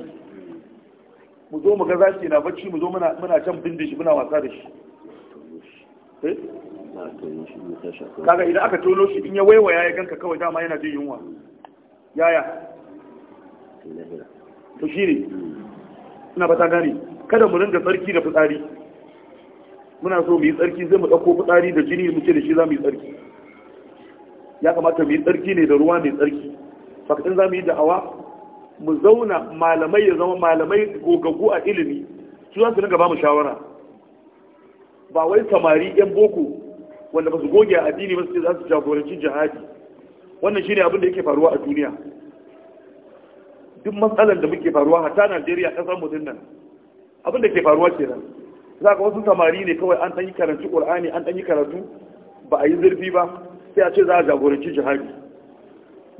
mu zo mu ga zaki na bacci mu zo muna muna can bindin shi muna wasa da shi eh? kaga idan aka tono shi in ya waiwaya ya ganka kawai dama yana jin yunwa yaya to shi ne ina fata gani kada mu ringa tsarki da fitsari muna so mu yi tsarki zai mu ɗauko fitsari da jini muke da shi za mu yi tsarki ya kamata mu yi tsarki ne da ruwa mai tsarki fakatin za mu yi da'awa mu zauna malamai ya zama malamai gogaggu a ilimi su za su ringa ba mu shawara ba wai samari yan boko wanda ba su goge a addini ba su ce za su jagoranci jihadi wannan shine abin da yake faruwa a duniya duk matsalar da muke faruwa hata Najeriya kasar mu dinnan abin da ke faruwa nan, za ka wasu samari ne kawai an ɗan yi karanci ƙur'ani an ɗan yi karatu ba a yi zurfi ba sai a ce za a jagoranci jihadi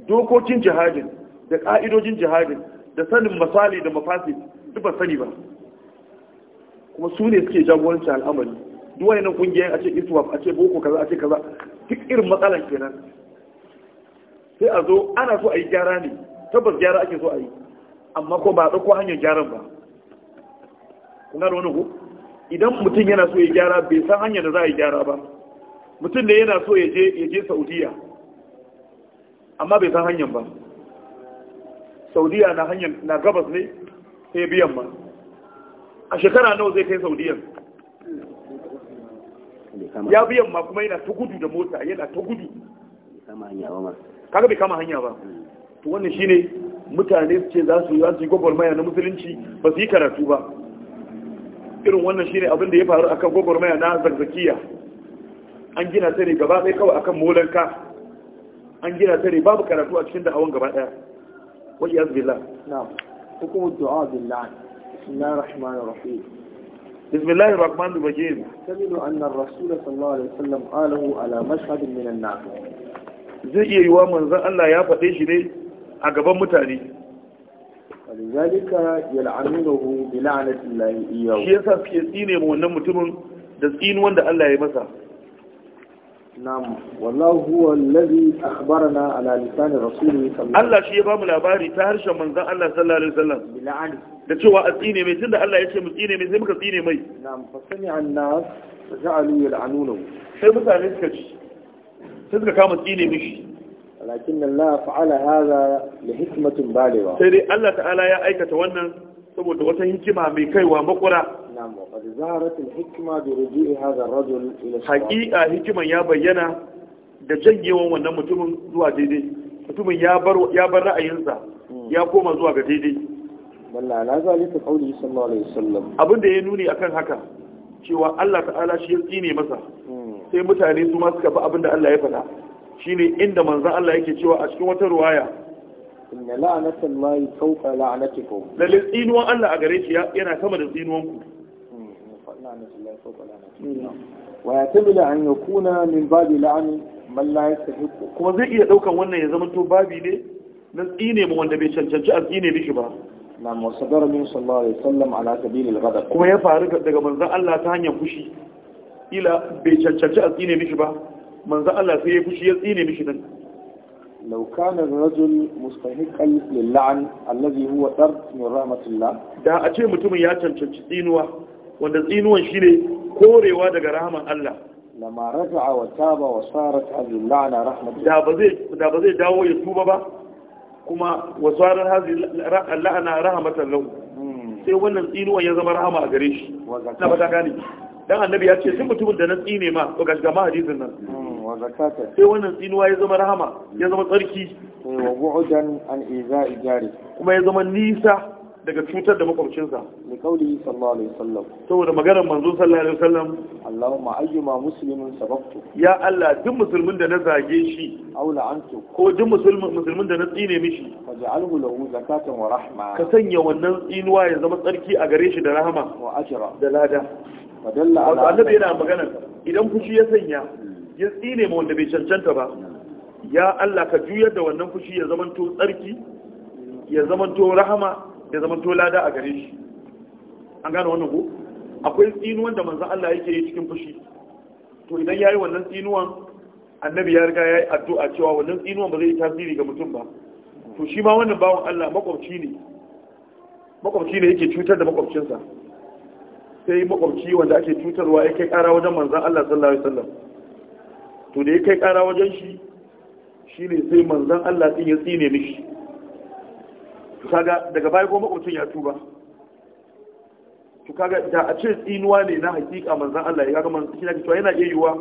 dokokin jihadin da ƙa'idojin jihadin da sanin misali da mafasi duk ba sani ba kuma su ne suke jagoranci al'amari duk wani kungiyoyin a ce iswap a ce boko kaza a ce kaza duk irin matsalan kenan sai a zo ana so a yi gyara ne tabbas gyara ake so a yi amma ko ba a ɗauko hanyar gyaran ba kun gano wani ku idan mutum yana so ya gyara bai san hanyar da za a yi gyara ba mutum ne yana so ya je saudiya amma bai san hanyar ba saudiya na hanyar na gabas ne sai biyan ba a shekara nawa zai kai saudiya ya biyan ma kuma yana ta gudu da mota yana ta gudu kaga bai kama hanya ba hmm. to wannan shine mutane su ce za su yi su yi gwagwarmaya na musulunci ba su yi karatu ba irin wannan shine abin da ya faru akan gwagwarmaya na zarzakiya an gina ta ne gaba ɗaya kawai akan molanka an gina ta ne babu karatu a cikin da'awon gaba ɗaya wa iyaz billah na'am hukumu du'a billah Na rahmanir rahim بسم الله الرحمن الرحيم تجد أن الرسول صلى الله عليه وسلم قاله على مشهد من الناس zai iya ذا manzan Allah ya faɗe shi ne a gaban mutane zalika shi yasa suke tsine ma wannan mutumin da tsin wanda Allah ya masa na'am wallahu huwa akhbarana ala lisan sallallahu Allah shi ya ba mu labari ta harshen manzon Allah sallallahu alaihi wasallam da cewa a tsine mai tunda Allah ya ce mu tsine mai sai muka tsine mai fa sami ja'alu sai mutane suka ci sai suka kama tsine mishi walakin Allah fa'ala hadha li hikmatin baligha sai dai Allah ta'ala ya aikata wannan saboda wata hikima mai kaiwa makura na'am wa qad zaharat al hikma bi ruju'i hadha ar-rajul ila haqiqa hikiman ya bayyana da janyewan wannan mutumin zuwa daidai mutumin ya bar ra'ayinsa hmm. ya koma zuwa ga daidai wallahi ala zalika qawli sallallahu alaihi wasallam abinda ya nuni akan haka cewa Allah ta'ala shi ya tsine masa hmm. sai mutane su ma suka bi da Allah ya faɗa shine inda manzon Allah yake cewa a cikin wata ruwaya inna la'natullahi fawqa la'natikum lalle tsinuwan Allah a gare shi yana sama da tsinuwan ku hmm, wa yatamilu an yakuna min babi la'ani man la yastahiqu kuma zai iya daukan wannan ya zama to babi ne na tsine mu wanda bai cancanci a tsine mishi ba نعم وصدر من صلى الله عليه ala على سبيل Kuma ya faru daga manzon Allah ta hanyar fushi ila bai cancanci a tsine mishi ba manzo Allah sai ya fushi ya tsine mishi din لو كان الرجل مستحقا للعن الذي هو طرد من رحمة الله da a ce mutumin ya cancanci tsinuwa wanda tsinuwan shine korewa daga rahman Allah lama raja'a wa taba wa sarat hadhihi la'na rahmat da ba zai da ba zai dawo ya tuba ba kuma wa sarat hadhihi la'na rahmatan lahu hmm. sai wannan tsinuwan ya zama rahama a gare shi na ba ta gane dan annabi ya ce sun mutumin da na tsine ma to gashi ga ma hadisin nan hmm. zakata sai wannan tsinuwa ya zama rahama ya zama tsarki eh, wa bu'dan an iza ijari kuma ya zama nisa daga cutar da makwabcinsa li qawli sallallahu alaihi wasallam saboda maganar manzo sallallahu alaihi wasallam Allahumma ayyuma muslimin sababtu ya Allah duk musulmin da na zage shi aw la'antu ko duk musulmin musulmin da na tsine mishi faj'alhu lahu zakatan wa rahma ka sanya wannan tsinuwa ya zama tsarki a gare shi da rahama wa ajra da lada fadalla ala annabi yana magana idan fushi ya sanya ya tsine ma wanda bai cancanta ba ya Allah ka juyar da wannan fushi ya zamanto tsarki ya zamanto rahama ya zamanto lada a gare shi an gane wannan ko akwai tsinuwan da manzo Allah yake yi cikin fushi to idan yayi wannan tsinuwan annabi ya riga yayi addu'a cewa wannan tsinuwan ba zai tasiri ga mutum ba to shi ma wannan bawon Allah makwabci ne makwabci ne yake cutar da makwabcinsa sai makwabci wanda ake cutarwa yake kara wajen manzo Allah sallallahu alaihi wasallam to da ya kai kara wajen shi shi ne sai manzan Allah ɗin ya tsine mishi kaga daga baya ko makwacin ya tuba to kaga da a ce tsinuwa ne na hakika manzan Allah ya kaga manzan shi cewa yana iya yiwuwa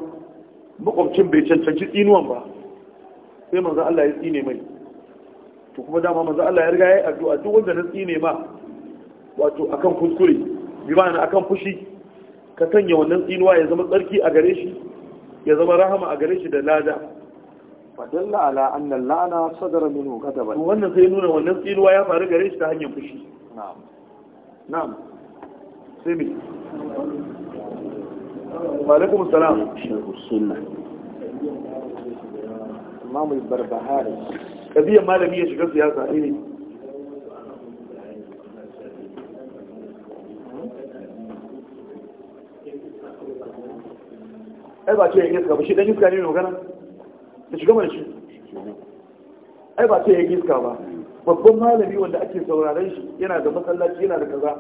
makwacin bai cancanci tsinuwan ba sai manzan Allah ya tsine mai to kuma dama manzan Allah ya riga ya yi addu'a duk wanda na tsine ma wato akan kuskure bi ma'ana akan fushi ka sanya wannan tsinuwa ya zama tsarki a gare shi ya zama rahama a gare shi da lada fadalla ala anna la'ana sadara minhu kataban wannan sai nuna wannan tsinuwa ya faru gare shi ta hanyar fushi na'am na'am sai mi wa alaikum salam shehu sunna imam barbahari kadiyar malami ya shiga siyasa ne eh. ai ba ce ya iska ba shi dan iska ne ne magana da shiga mana shi ai ba ce ya iska ba babban malami wanda ake sauraron shi yana da masallaci yana da kaza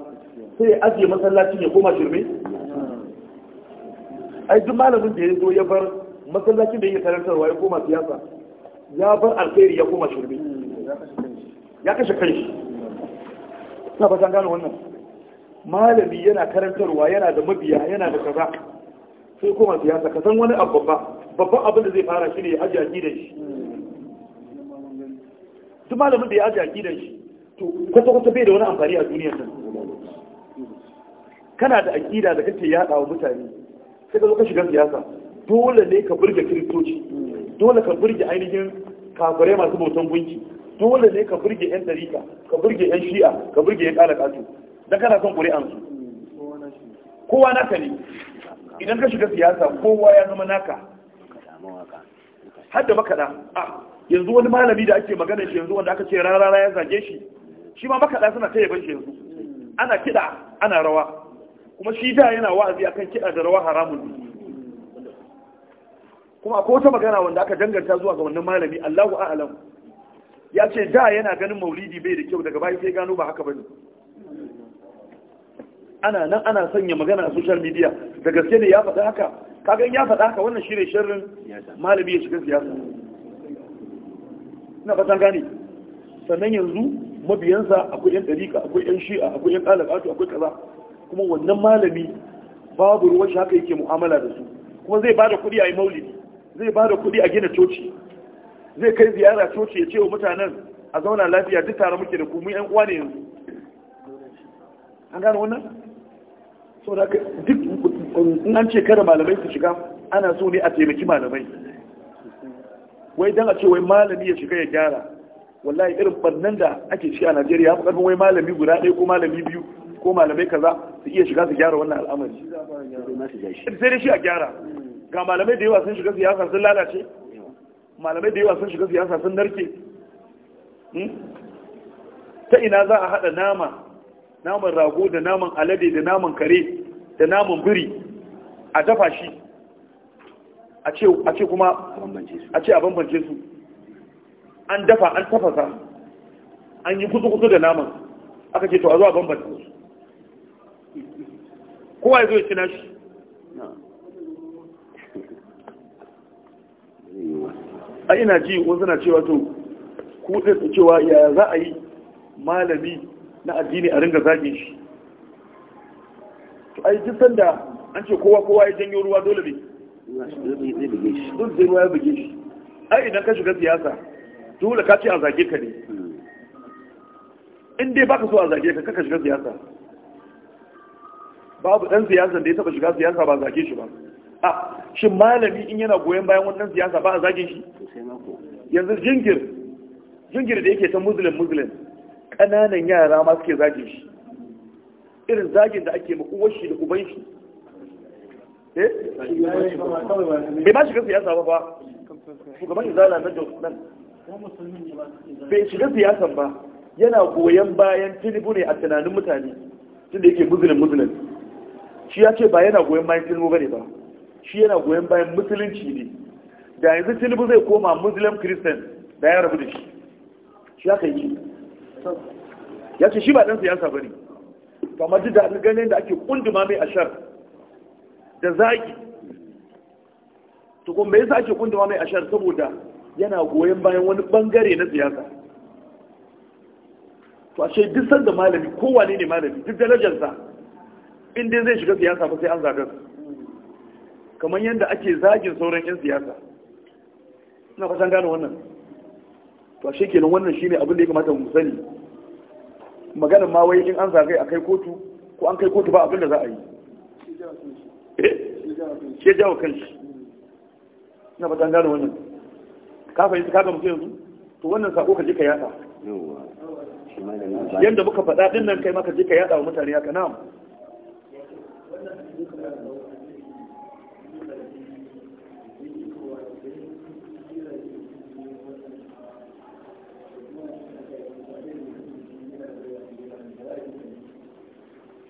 sai ya ajiye masallacin ya koma shirme ai duk malamin da ya zo ya bar masallacin da ya karantarwa ya koma siyasa ya bar alkhairi ya koma shirme ya kashe shi na ba gano wannan malami yana karantarwa yana da mabiya yana da kaza sai koma siyasa ka san wani abu babba babban abin da zai fara shi ne ya ajiye akidar shi duk malamin da ya ajiye akidar shi to kwata-kwata bai da wani amfani a duniyar nan kana da akida da kake yada wa mutane sai ka zo ka shiga siyasa dole ne ka burge kiristoci dole ka burge ainihin kafirai masu bautan gunki dole ne ka burge yan dariƙa ka burge yan shi'a ka burge yan kalakatu dan kana son ƙuri'ansu kowa ka ne idan ka shiga siyasa kowa ya zama naka hadda makada makaɗa yanzu wani malami da ake magana shi yanzu wanda aka ce rara ya zage shi shi ma makaɗa suna ta yaban shi yanzu ana kiɗa ana rawa kuma shi da yana wa'azi akan kiɗa da rawa haramun ne kuma akwai wata magana wanda aka danganta zuwa ga wannan malami Allahu a'lam ya ce da yana ganin maulidi bai da kyau daga baya sai gano ba haka bane ana nan ana sanya magana a social media da gaske ne ya faɗa haka kaga ya faɗa haka wannan shine sharrin malami ya shiga siyasa ina fatan gane sannan yanzu mabiyansa akwai yan dariƙa akwai yan shi'a akwai yan ɗalibatu akwai kaza kuma wannan malami babu ruwan shi haka yake mu'amala da su kuma zai bada kuɗi a yi maulidi zai bada kuɗi a gina coci zai kai ziyara coci ya ce wa mutanen a zauna lafiya duk tare muke da ku mu yan uwa ne yanzu an gane wannan saboda duk in an ce kada malamai su shiga ana so ne a taimaki malamai wai dan a ce wai malami ya shiga ya gyara wallahi irin bannan da ake shi a Najeriya ya fi wai malami guda ɗaya ko malami biyu ko malamai kaza su iya shiga su gyara wannan al'amari sai dai shi a gyara ga malamai da yawa sun shiga siyasa sun lalace malamai da yawa sun shiga siyasa sun narke hmm? ta ina za a haɗa nama naman rago da naman alade da naman kare da naman biri a dafa shi a ce kuma a ce a bambance su an dafa an tafasa an yi kusa-kusa da naman aka ce to a zo a bambance su kowa ya zo ya cina shi a ina ji wasu suna cewa to kudin su cewa ya za a yi malami na addini a ringa zagin shi to yi duk da an ce kowa kowa ya janyo ruwa dole ne dole sai ruwa ya buge shi ai idan ka shiga siyasa dole ka ce a zage ka ne in dai baka so a zage ka kaka shiga siyasa babu dan siyasa da ya taba shiga siyasa ba zage shi ba a shi malami in yana goyon bayan wannan siyasa ba a zage shi yanzu jingir jingir da yake ta muslim muslim ƙananan yara ma suke zage shi irin zagin da ake ma uwar shi da uban shi eh bai ba shiga siyasa ba ba shugaban izala na jos nan bai shiga siyasan ba yana goyon bayan tinubu ne a tunanin mutane tunda yake muslim muslim shi ya ce ba yana goyon bayan tinubu bane ba shi yana goyon bayan musulunci ne da yanzu tinubu zai koma muslim christian da ya rabu da shi shi ya kai ya ce shi ba dan siyasa bane kamar duk da ganin da ake kunduma mai ashar da zaki Tukun mai me yasa ake kunduma mai ashar saboda yana goyon bayan wani bangare na siyasa to ashe duk sanda malami kowane ne malami duk darajarsa inda zai shiga siyasa ba sai an zagar kamar yadda ake zagin sauran 'yan siyasa ina fasan gane wannan to ashe kenan wannan shine abin da ya kamata mu sani maganar ma wai in an zagaye a kai kotu ko an kai kotu ba abin da za a yi Eh? ke jawo na ba gano wannan ka fahimci ka gamsu yanzu to wannan sako ka je ka yada yadda muka faɗa ɗin nan kai maka je ka yada wa mutane na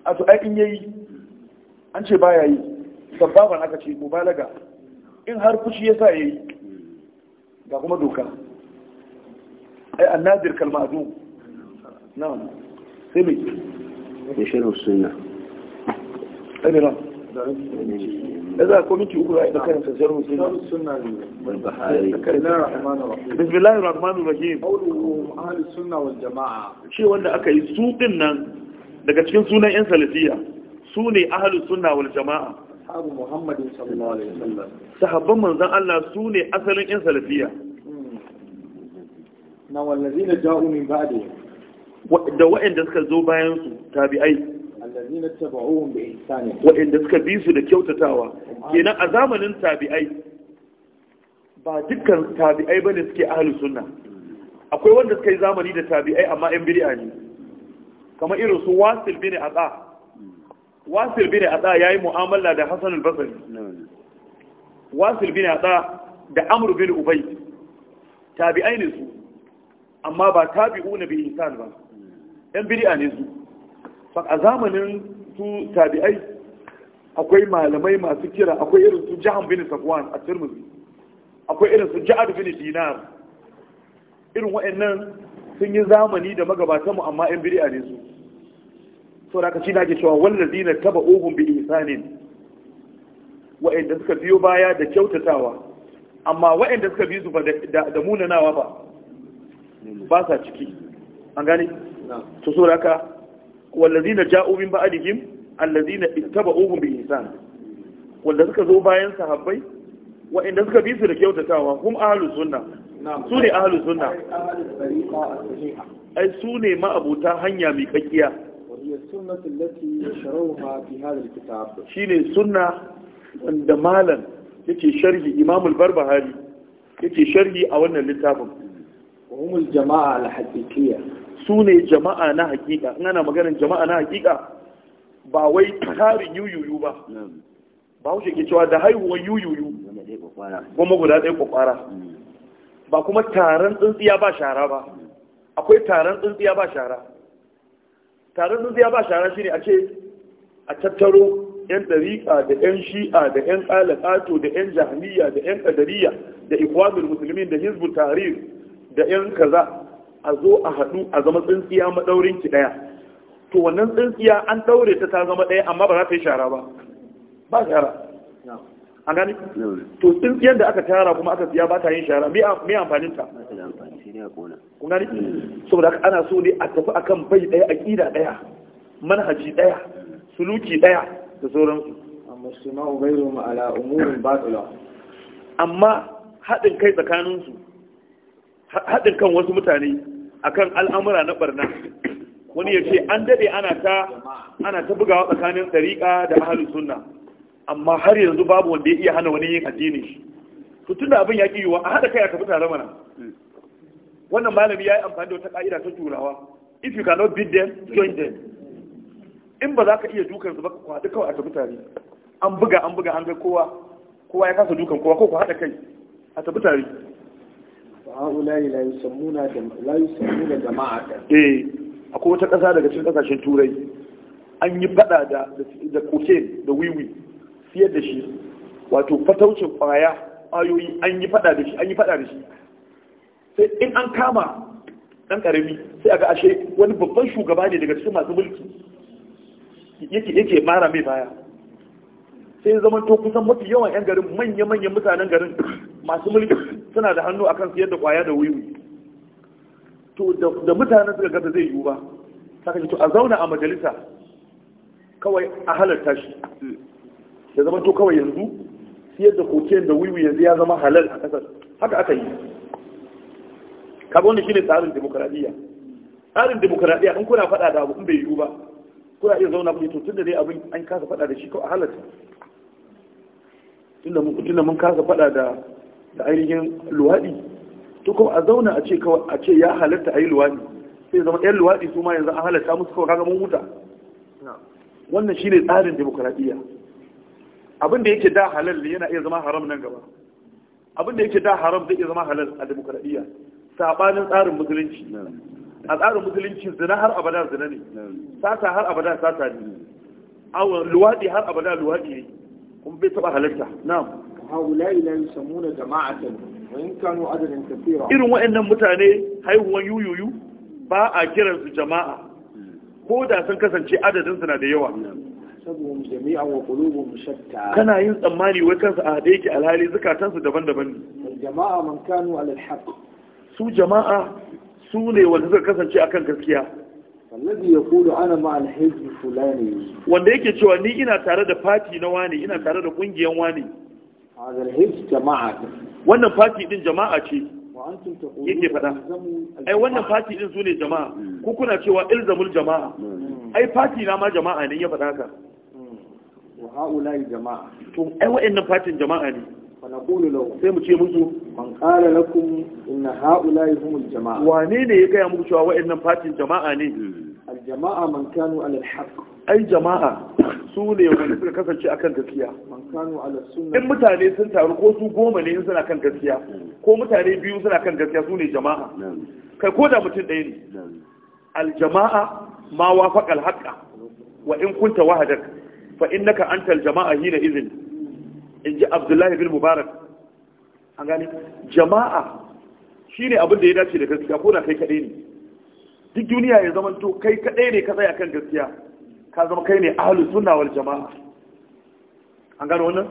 a to aikin yayi an ce baya yi sababan aka ce mubalaga in har kushi ya sa yayi ga kuma doka ai annadir kalmadu na'am sai mai ya shirin sunna ai ne ran da za ku miki uku da karin sassarin sunna sunna ne bahari rahim bismillahir rahmanir rahim ahli sunna wal jama'a shi wanda aka yi su din nan daga cikin sunan yan salafiya su ne ahlus sunna wal jama'a ashabu muhammadin sallallahu alaihi wasallam sahabban manzon Allah su ne asalin yan salafiya hmm. na wallazina ja'u min ba'di da waɗanda suka zo bayan su tabi'ai allazina tabauhum bi ihsani waɗanda suka bi su da kyautatawa kenan a zamanin tabi'ai ba dukkan tabi'ai bane suke ahli sunna akwai wanda suka yi zamani da tabi'ai amma yan bid'a ne kamar irin su wasil bin aqa wasil bin ada yayi mu'amala da Hassan al-Basri wasil bin ada da Amr bin Ubay tabi'ai ne su amma ba tabi'una bi insan ba yan bid'a ne su fa a zamanin su tabi'ai akwai malamai masu kira akwai irin su Jahan bin Safwan a Tirmidhi akwai irin su Ja'ad bin Dinar irin wa'annan sun yi zamani da magabatanmu amma yan bid'a ne su saboda haka shi na ke cewa taba taba'uhum bi ihsanin wa'anda suka biyo baya da kyautatawa amma wa'anda suka biyo ba da munanawa ba ba sa ciki an gane to da haka wallazina ja'u min ba'dihim allazina ittaba'uhum bi ihsan wanda suka zo bayan sahabbai wa'anda suka bi su da kyautatawa hum ahlus sunna su ne ahlus sunna ai su ne ma abuta hanya mai kakkiya shi ne suna sunna wanda malam yake sharhi imamul al-barbahari yake sharhi a wannan littafin umul humul jama'a al-haqiqiyya ne jama'a na hakika in ana maganar jama'a na hakika ba wai tarin yuyuyu ba ba wuce ke cewa da haihuwan yuyuyu goma guda ɗaya kwakwara mm. ba kuma taron tsintsiya ba shara ba mm. akwai taron tsintsiya ba shara da ya ba shara shi ne a ce a tattaro 'yan ɗariƙa da 'yan shi'a da 'yan ƙalaƙato da 'yan jahiliya da 'yan ƙadariya da ikwamin musulmi da hizbu tarihi da 'yan kaza a zo a haɗu a zama tsintsiya maɗaurin ki ɗaya to wannan tsintsiya an ɗaure ta ta zama ɗaya amma ba za ta yi shara ba ba shara a gani to tsintsiyan da aka tara kuma aka siya ba ta yin shara me amfanin ta kun saboda ana so ne a tafi akan bai daya aqida daya manhaji daya suluki daya da sauransu amma sunnah ma ala umurin batila amma haɗin kai tsakaninsu haɗin kan wasu mutane akan al'amura na barna wani ya ce an daɗe ana ta bugawa tsakanin tariqa da ahlus sunna amma har yanzu babu wanda ya iya hana wani yin addini shi tun abin ya ƙi a haɗa kai a tafi tare mana wannan malami ya yi amfani da wata ka'ida ta turawa if you cannot beat them join them in ba za ka iya dukan su ba ka kwaɗi kawai a tafi tare an buga an buga an ga kowa kowa ya kasa dukan kowa ko ku haɗa kai a tafi tare ha'ulai la yusammuna la yusammuna eh akwai wata ƙasa daga cikin ƙasashen turai an yi faɗa da da cocaine da wiwi siyar da shi wato fataucin ƙwaya ayoyi an yi fada da shi an yi fada da shi sai in an kama ɗan ƙarami sai a ga ashe wani babban shugaba ne daga cikin masu mulki yake mara mai baya sai zama to kusan mafi yawan 'yan garin manya-manyan mutanen garin masu mulki suna da hannu akan siyar da kwaya da wiwi to da mutanen suka gaza zai yiwu ba saka to a zauna a majalisa kawai a halarta shi ya zama to kawai yanzu siyar da kokiyar da wiwi yanzu ya zama halal a ƙasar haka aka yi kaga shi ne tsarin demokradiyya tsarin demokradiyya in kuna faɗa da abu in bai yiwu ba kuna iya zauna kuma tun da dai abin an kasa faɗa da shi ko a halatta tunda mun mun kasa faɗa da ainihin luwaɗi to kuma a zauna a ce kawai a ce ya halatta ayi luwaɗi sai zama 'yan luwaɗi su ma yanzu an halatta musu kawai kaga mun huta wannan shi ne tsarin demokradiyya abin da yake da halal yana iya zama haram nan gaba abin da yake da haram zai iya zama halal a demokradiyya sabanin tsarin musulunci a tsarin musulunci zina har abada zina ne sata har abada sata ne awon luwaɗi har abada luwaɗi ne kuma bai taɓa halarta na haulai la yusammuna jama'atan wa in kanu adadan kathira irin wa'annan mutane haihuwan yuyuyu ba a kiransu jama'a hmm. ko da sun kasance adadin su na da yawa wa kana yin tsammani wai kansu a haɗe ki alhali zukatansu daban-daban ne jama'a man kanu ala haqq su jama'a su ne wanda suka kasance akan gaskiya ya yaqulu ana ma alhaji fulani wanda yake cewa ni ina tare da fati na wani ina tare da kungiyan wani alhaji jama'a wannan fati din jama'a ce yake faɗa ai wannan fati din su ne jama'a ku kuna cewa ilzamul jama'a hmm. ai fati na ma jama'a ne ya faɗa ka hmm. wa ha'ula jama'a to ai wa'annan fatin jama'a ne fa sai mu ce musu man qala ya gaya muku cewa wa'annan fatin jama'a ne al jama'a man kanu jama'a su ne suka kasance akan gaskiya man kanu mutane sun taru ko su goma ne suna kan gaskiya ko mutane biyu suna kan gaskiya su jama'a kai ko da mutum ɗaya ne al jama'a ma wafaqa al haqqa fa jama'a hira idhin in ji abdullahi bin mubarak an gani jama'a shine abin da ya dace da gaskiya ko da kai kaɗai ne duk duniya ya zama to kai kaɗai ne ka tsaya kan gaskiya ka zama kai ne ahlu sunna wal jama'a an gani wannan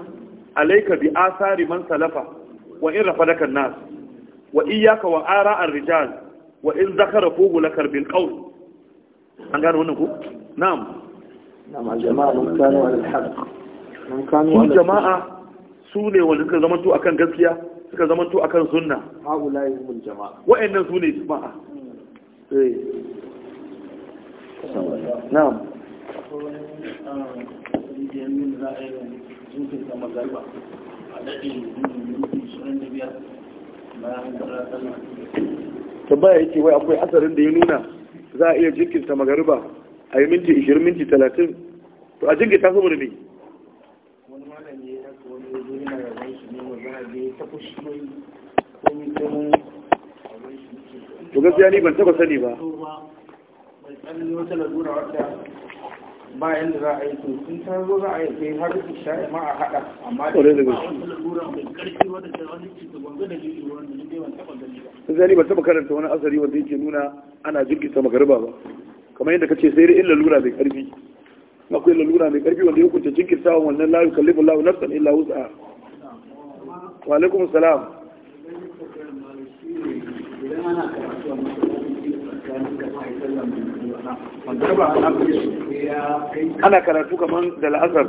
alayka bi asari man salafa wa in rafadaka nas wa iyyaka wa ara ar-rijal wa in zakara fuhu lakar bil qawl an gani wannan ko na'am na'am al-jama'a mun kanu al-haqq mun kanu al-jama'a su ne wanda suka zama to akan gaskiya suka zama to akan sunna haula yumul jama'a wa'annan su ne jama'a To eh. ba tambaya yake wai akwai asarin da ya nuna za a iya jirkinta magariba a yi minti 20 minti 30 to a jirgin saboda ne to gaskiya ni ban taba sani ba ba a sun ma a haɗa amma da wani ƙarfi wadda ta wani jirgin ne ban taɓa ba. wani asali wanda yake nuna ana jirgin sama ba. Kamar yadda kace sai dai in lalura mai karfi Akwai lalura mai ƙarfi wanda ya hukunta jinkirtawan wannan layu kallifin lawu nafsan illa wusa. wa alaikum salam ana karatu kamar da la'asar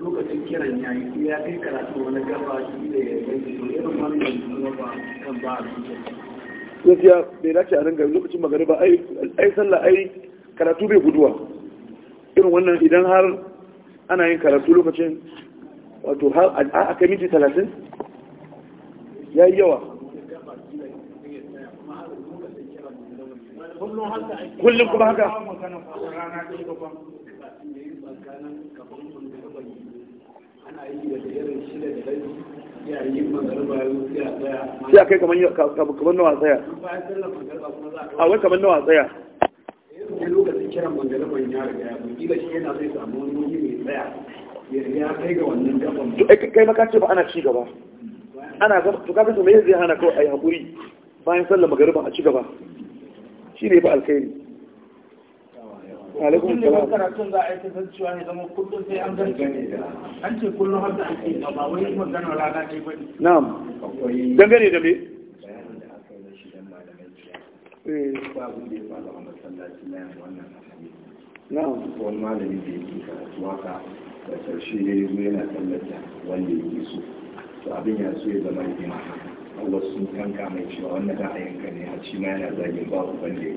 lokacin kiran ya yi ya kai karatu wani gaba shi da ya yi irin wani gaba kan ba a gaskiya ya dace a ringa lokacin magariba ai sallah ai karatu bai guduwa irin wannan idan har ana yin karatu lokacin wato har a kai minti talatin ya yi yawa kullum kuma haka sai a kai kamar nawa tsaya a wai kamar nawa tsaya lokacin kiran mangalaba ya riga ya kila shi yana zai samu wani to eh, kai maka ce ba ana ci gaba ana ga to kaga to me zai hana kawai ayi hakuri bayan sallar magariba a ci gaba shine alkhairi alaikum salam karatun za a yi kasancewa ne zama kullum sai an an ce kullum har da ba wai magana rana ce na'am dangane da me da na wani malami da yake karatu haka da karshe ya yi zuwa yana tallata wanda yake so to abin ya so ya zama rigima Allah sun kanka mai cewa wannan ra'ayinka ne a shi ma yana zagin babu wanda ya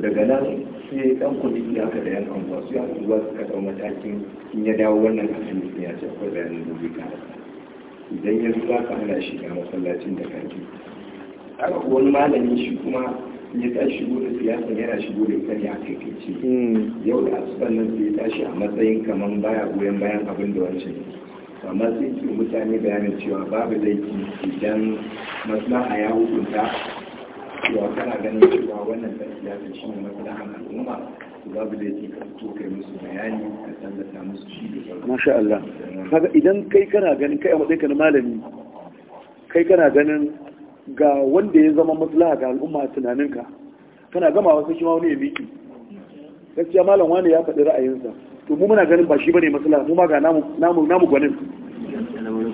daga nan sai dan kudi ya ka da yan anguwa su ya anguwa suka dau matakin in ya dawo wannan abin ya ce akwai bayanin da zai kara idan ya zuwa ka hana shi ga masallacin da kake wani malami shi kuma ya ta shigo da siyasa yana shigo da ita ne a kaikaice hmm. yau da asuban nan sai ya tashi a matsayin kamar baya goyon bayan abin da wancan amma sai ke mutane bayanin cewa babu laifi idan maslaha ya hukunta cewa kana ganin cewa wannan ta siyasa shi ne maslahan al'umma babu laifi ka fito kai musu bayani ka tallata musu shi da sauran masha Allah kaga idan kai kana ganin kai a matsayin malami kai kana ganin ga wanda ya zama maslaha ga al'umma tunaninka kana gama wasu shi ma wani ya miki gaskiya malam wani ya faɗi ra'ayinsa to mu muna ganin ba shi bane maslaha mu ma ga namu namu gwanin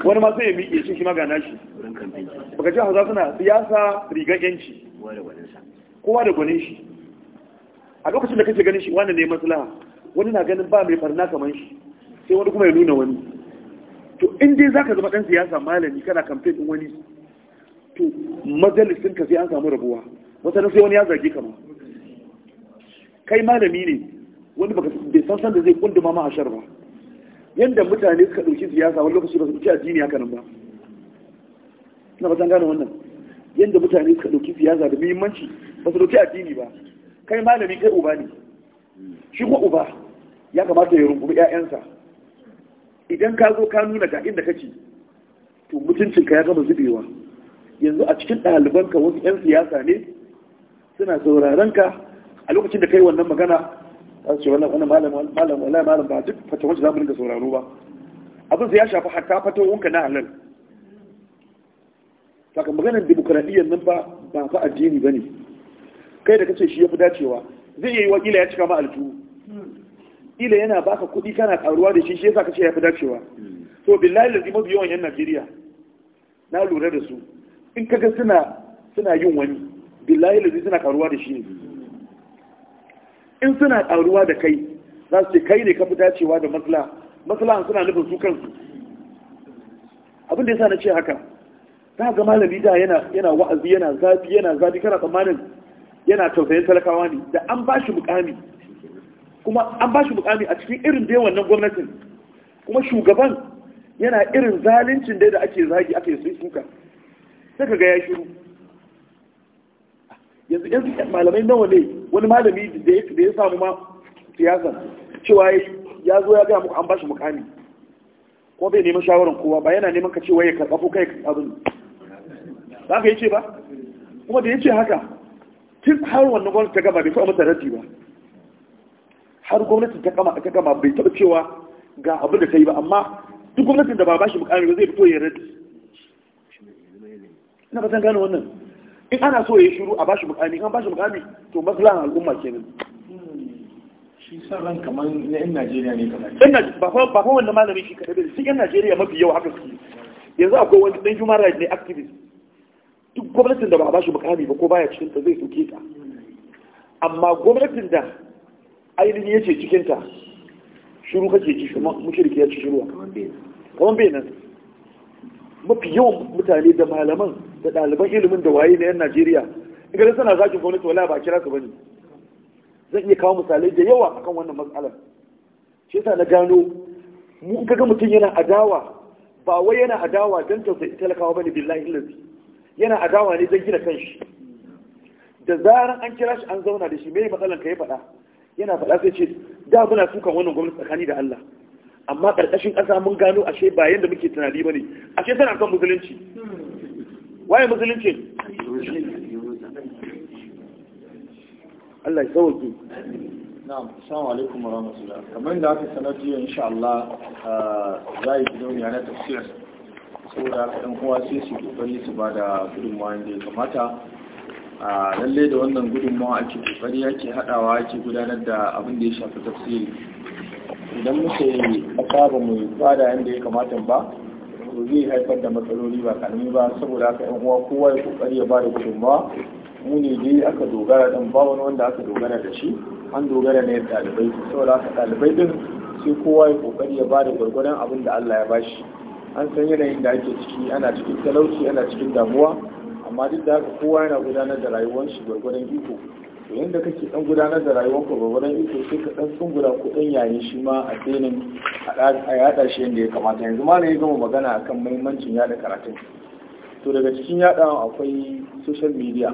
wani ma sai ya miƙe shi shi ma ga nashi baka ji hausa suna siyasa riga yanci kowa da gwanin shi a lokacin da kake ganin shi wani ne maslaha wani na ganin ba mai farna kamar shi sai wani kuma ya nuna wani to in dai zaka zama dan siyasa malami kana kamfe din wani to majalisin ka sai an samu rabuwa wata sai wani ya zage ka ma kai malami ne wani baka bai san san da zai kunduma ma ashar ba yanda mutane suka dauki siyasa wani lokaci ba su ci addini haka nan ba ina ba san gane wannan yanda mutane suka dauki siyasa da muhimmanci ba su dauki addini ba kai malami kai uba ne shi kuma uba ya kamata ya rungumi ƴaƴansa idan ka zo ka nuna ga inda kake to mutuncinka ya gama zubewa yanzu a cikin ɗalibanka wasu 'yan siyasa ne suna sauraron ka a lokacin da kai wannan magana a su ce wannan wani malam malam malam ba duk fata za mu rinka sauraro ba abin sai ya shafi hatta wunka na halal saka maganin demokradiyyar nan ba ba fa addini bane kai da kace shi yafi dacewa zai yi wa kila ya cika ma alfu ila yana baka kuɗi kana karuwa da shi shi yasa kace yafi dacewa to billahi lazi biyo yan Najeriya na lura da su in kaga suna suna yin wani billahi lazi suna karuwa da shi ne in suna karuwa da kai za su ce kai ne ka fi dacewa da maslaha suna nufin su kansu abin da yasa na ce haka za ga malami da yana wa'azi yana zafi yana zafi kana tsammanin yana tausayin talakawa ne da an ba shi mukami kuma an ba shi mukami a cikin irin da wannan gwamnatin kuma shugaban yana irin zaluncin da ake zagi ake sai suka sai ka ga ya shiru yanzu yanzu malamai nawa ne wani malami da ya da ya samu ma siyasa cewa ya zo ya gaya muku an bashi mukami ko bai neman shawarar kowa ba yana neman ka ce ya karɓa ko kai abin ba ka ce ba kuma da ya ce haka tun har wannan gwamnati ta gama bai taɓa masa raddi ba har gwamnati ta gama ta gama bai taɓa cewa ga abin da ta yi ba amma duk gwamnatin da ba bashi mukami ba zai fito ya rati ina fatan gane wannan in ana so ya yi shiru a bashi mukami kan bashi mukami to maslahan al'umma kenan shi sa ran kamar na yan Najeriya ne kamar ba ba ba wanda malami shi kadai da yan Najeriya mafi yawa haka suke yanzu akwai wani dan human rights ne activist duk gwamnatin da ba a bashi mukami ba ko baya cikin ta zai soke ta amma gwamnatin da ainihin yace cikin ta shiru kake ci shi mushriki ya ci shiru kamar bai nan mafi yawan mutane da malaman da ɗaliban ilimin da waye na 'yan Najeriya in suna zagin gwamnati wala ba kira su ne. zan iya kawo misalai da yawa akan wannan matsalar shi yasa na gano mu kaga mutum yana adawa ba wai yana adawa don tausayi talakawa bane billahi illazi yana adawa ne don gina kanshi da zaran an kira shi an zauna da shi mai matsalan ka ya faɗa yana faɗa sai ce da muna sukan wannan gwamnati tsakani da Allah amma ƙarƙashin ƙasa mun gano ashe ba yanda muke tunani bane ashe tana kan musulunci waye musulunci Allah ya sauke na'am assalamu alaikum wa rahmatullah kamar da aka sanar jiya insha Allah uh, za yi gidauniya na tafsir saboda haka kowa sai su kokari su ba da gudunmawa da ya kamata a uh, lalle da wannan gudunmawa ake kokari ake hadawa ake gudanar da abin da ya shafi tafsiri idan muka yi kasa ba mu bada yadda ya kamata ba zai haifar da matsaloli ba kalmi ba saboda aka yan uwa kowa ya kokari ya bada gudunmawa mu ne dai aka dogara dan ba wani wanda aka dogara da shi an dogara ne ɗalibai saboda haka dalibai din sai kowa ya kokari ya bada gwargwadon abin da Allah ya bashi an san yanayin da ake ciki ana cikin talauci ana cikin damuwa amma duk da haka kowa yana gudanar da rayuwar shi gwargwadon iko to yadda kake dan gudanar da rayuwarka ba wurin iko sai ka dan tsungura kuɗin yayin shi ma a tsenin a yada shi yadda ya kamata yanzu malam ya gama magana akan muhimmancin yada karatu to daga cikin yada akwai social media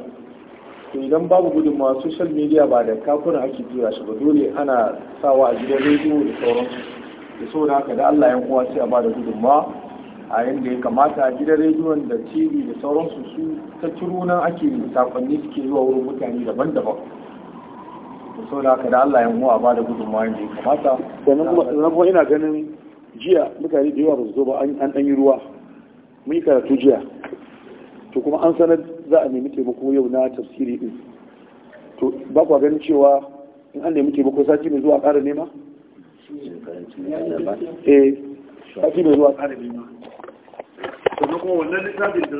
to idan babu gudunmawa social media ba da kafuna ake tura shi ba dole ana sawa a gidan rediyo da sauransu da saboda haka da Allah yan uwa sai a bada gudunmawa a yadda ya kamata gidan rediyon da tv da sauransu su ta turunan ake sakonni suke zuwa wurin mutane daban-daban sau da haka da Allah ya mu a bada gudunmawa yadda ya kamata sannan kuma ina ganin jiya mutane da yawa ba su zo ba an ɗanyi ruwa mun yi karatu jiya to kuma an sanar za a nemi taimako yau na tafsiri din to ba kwa ganin cewa in an nemi taimako sati mai zuwa ƙara nema? eh sati mai zuwa ƙara nema on kuma wannan des da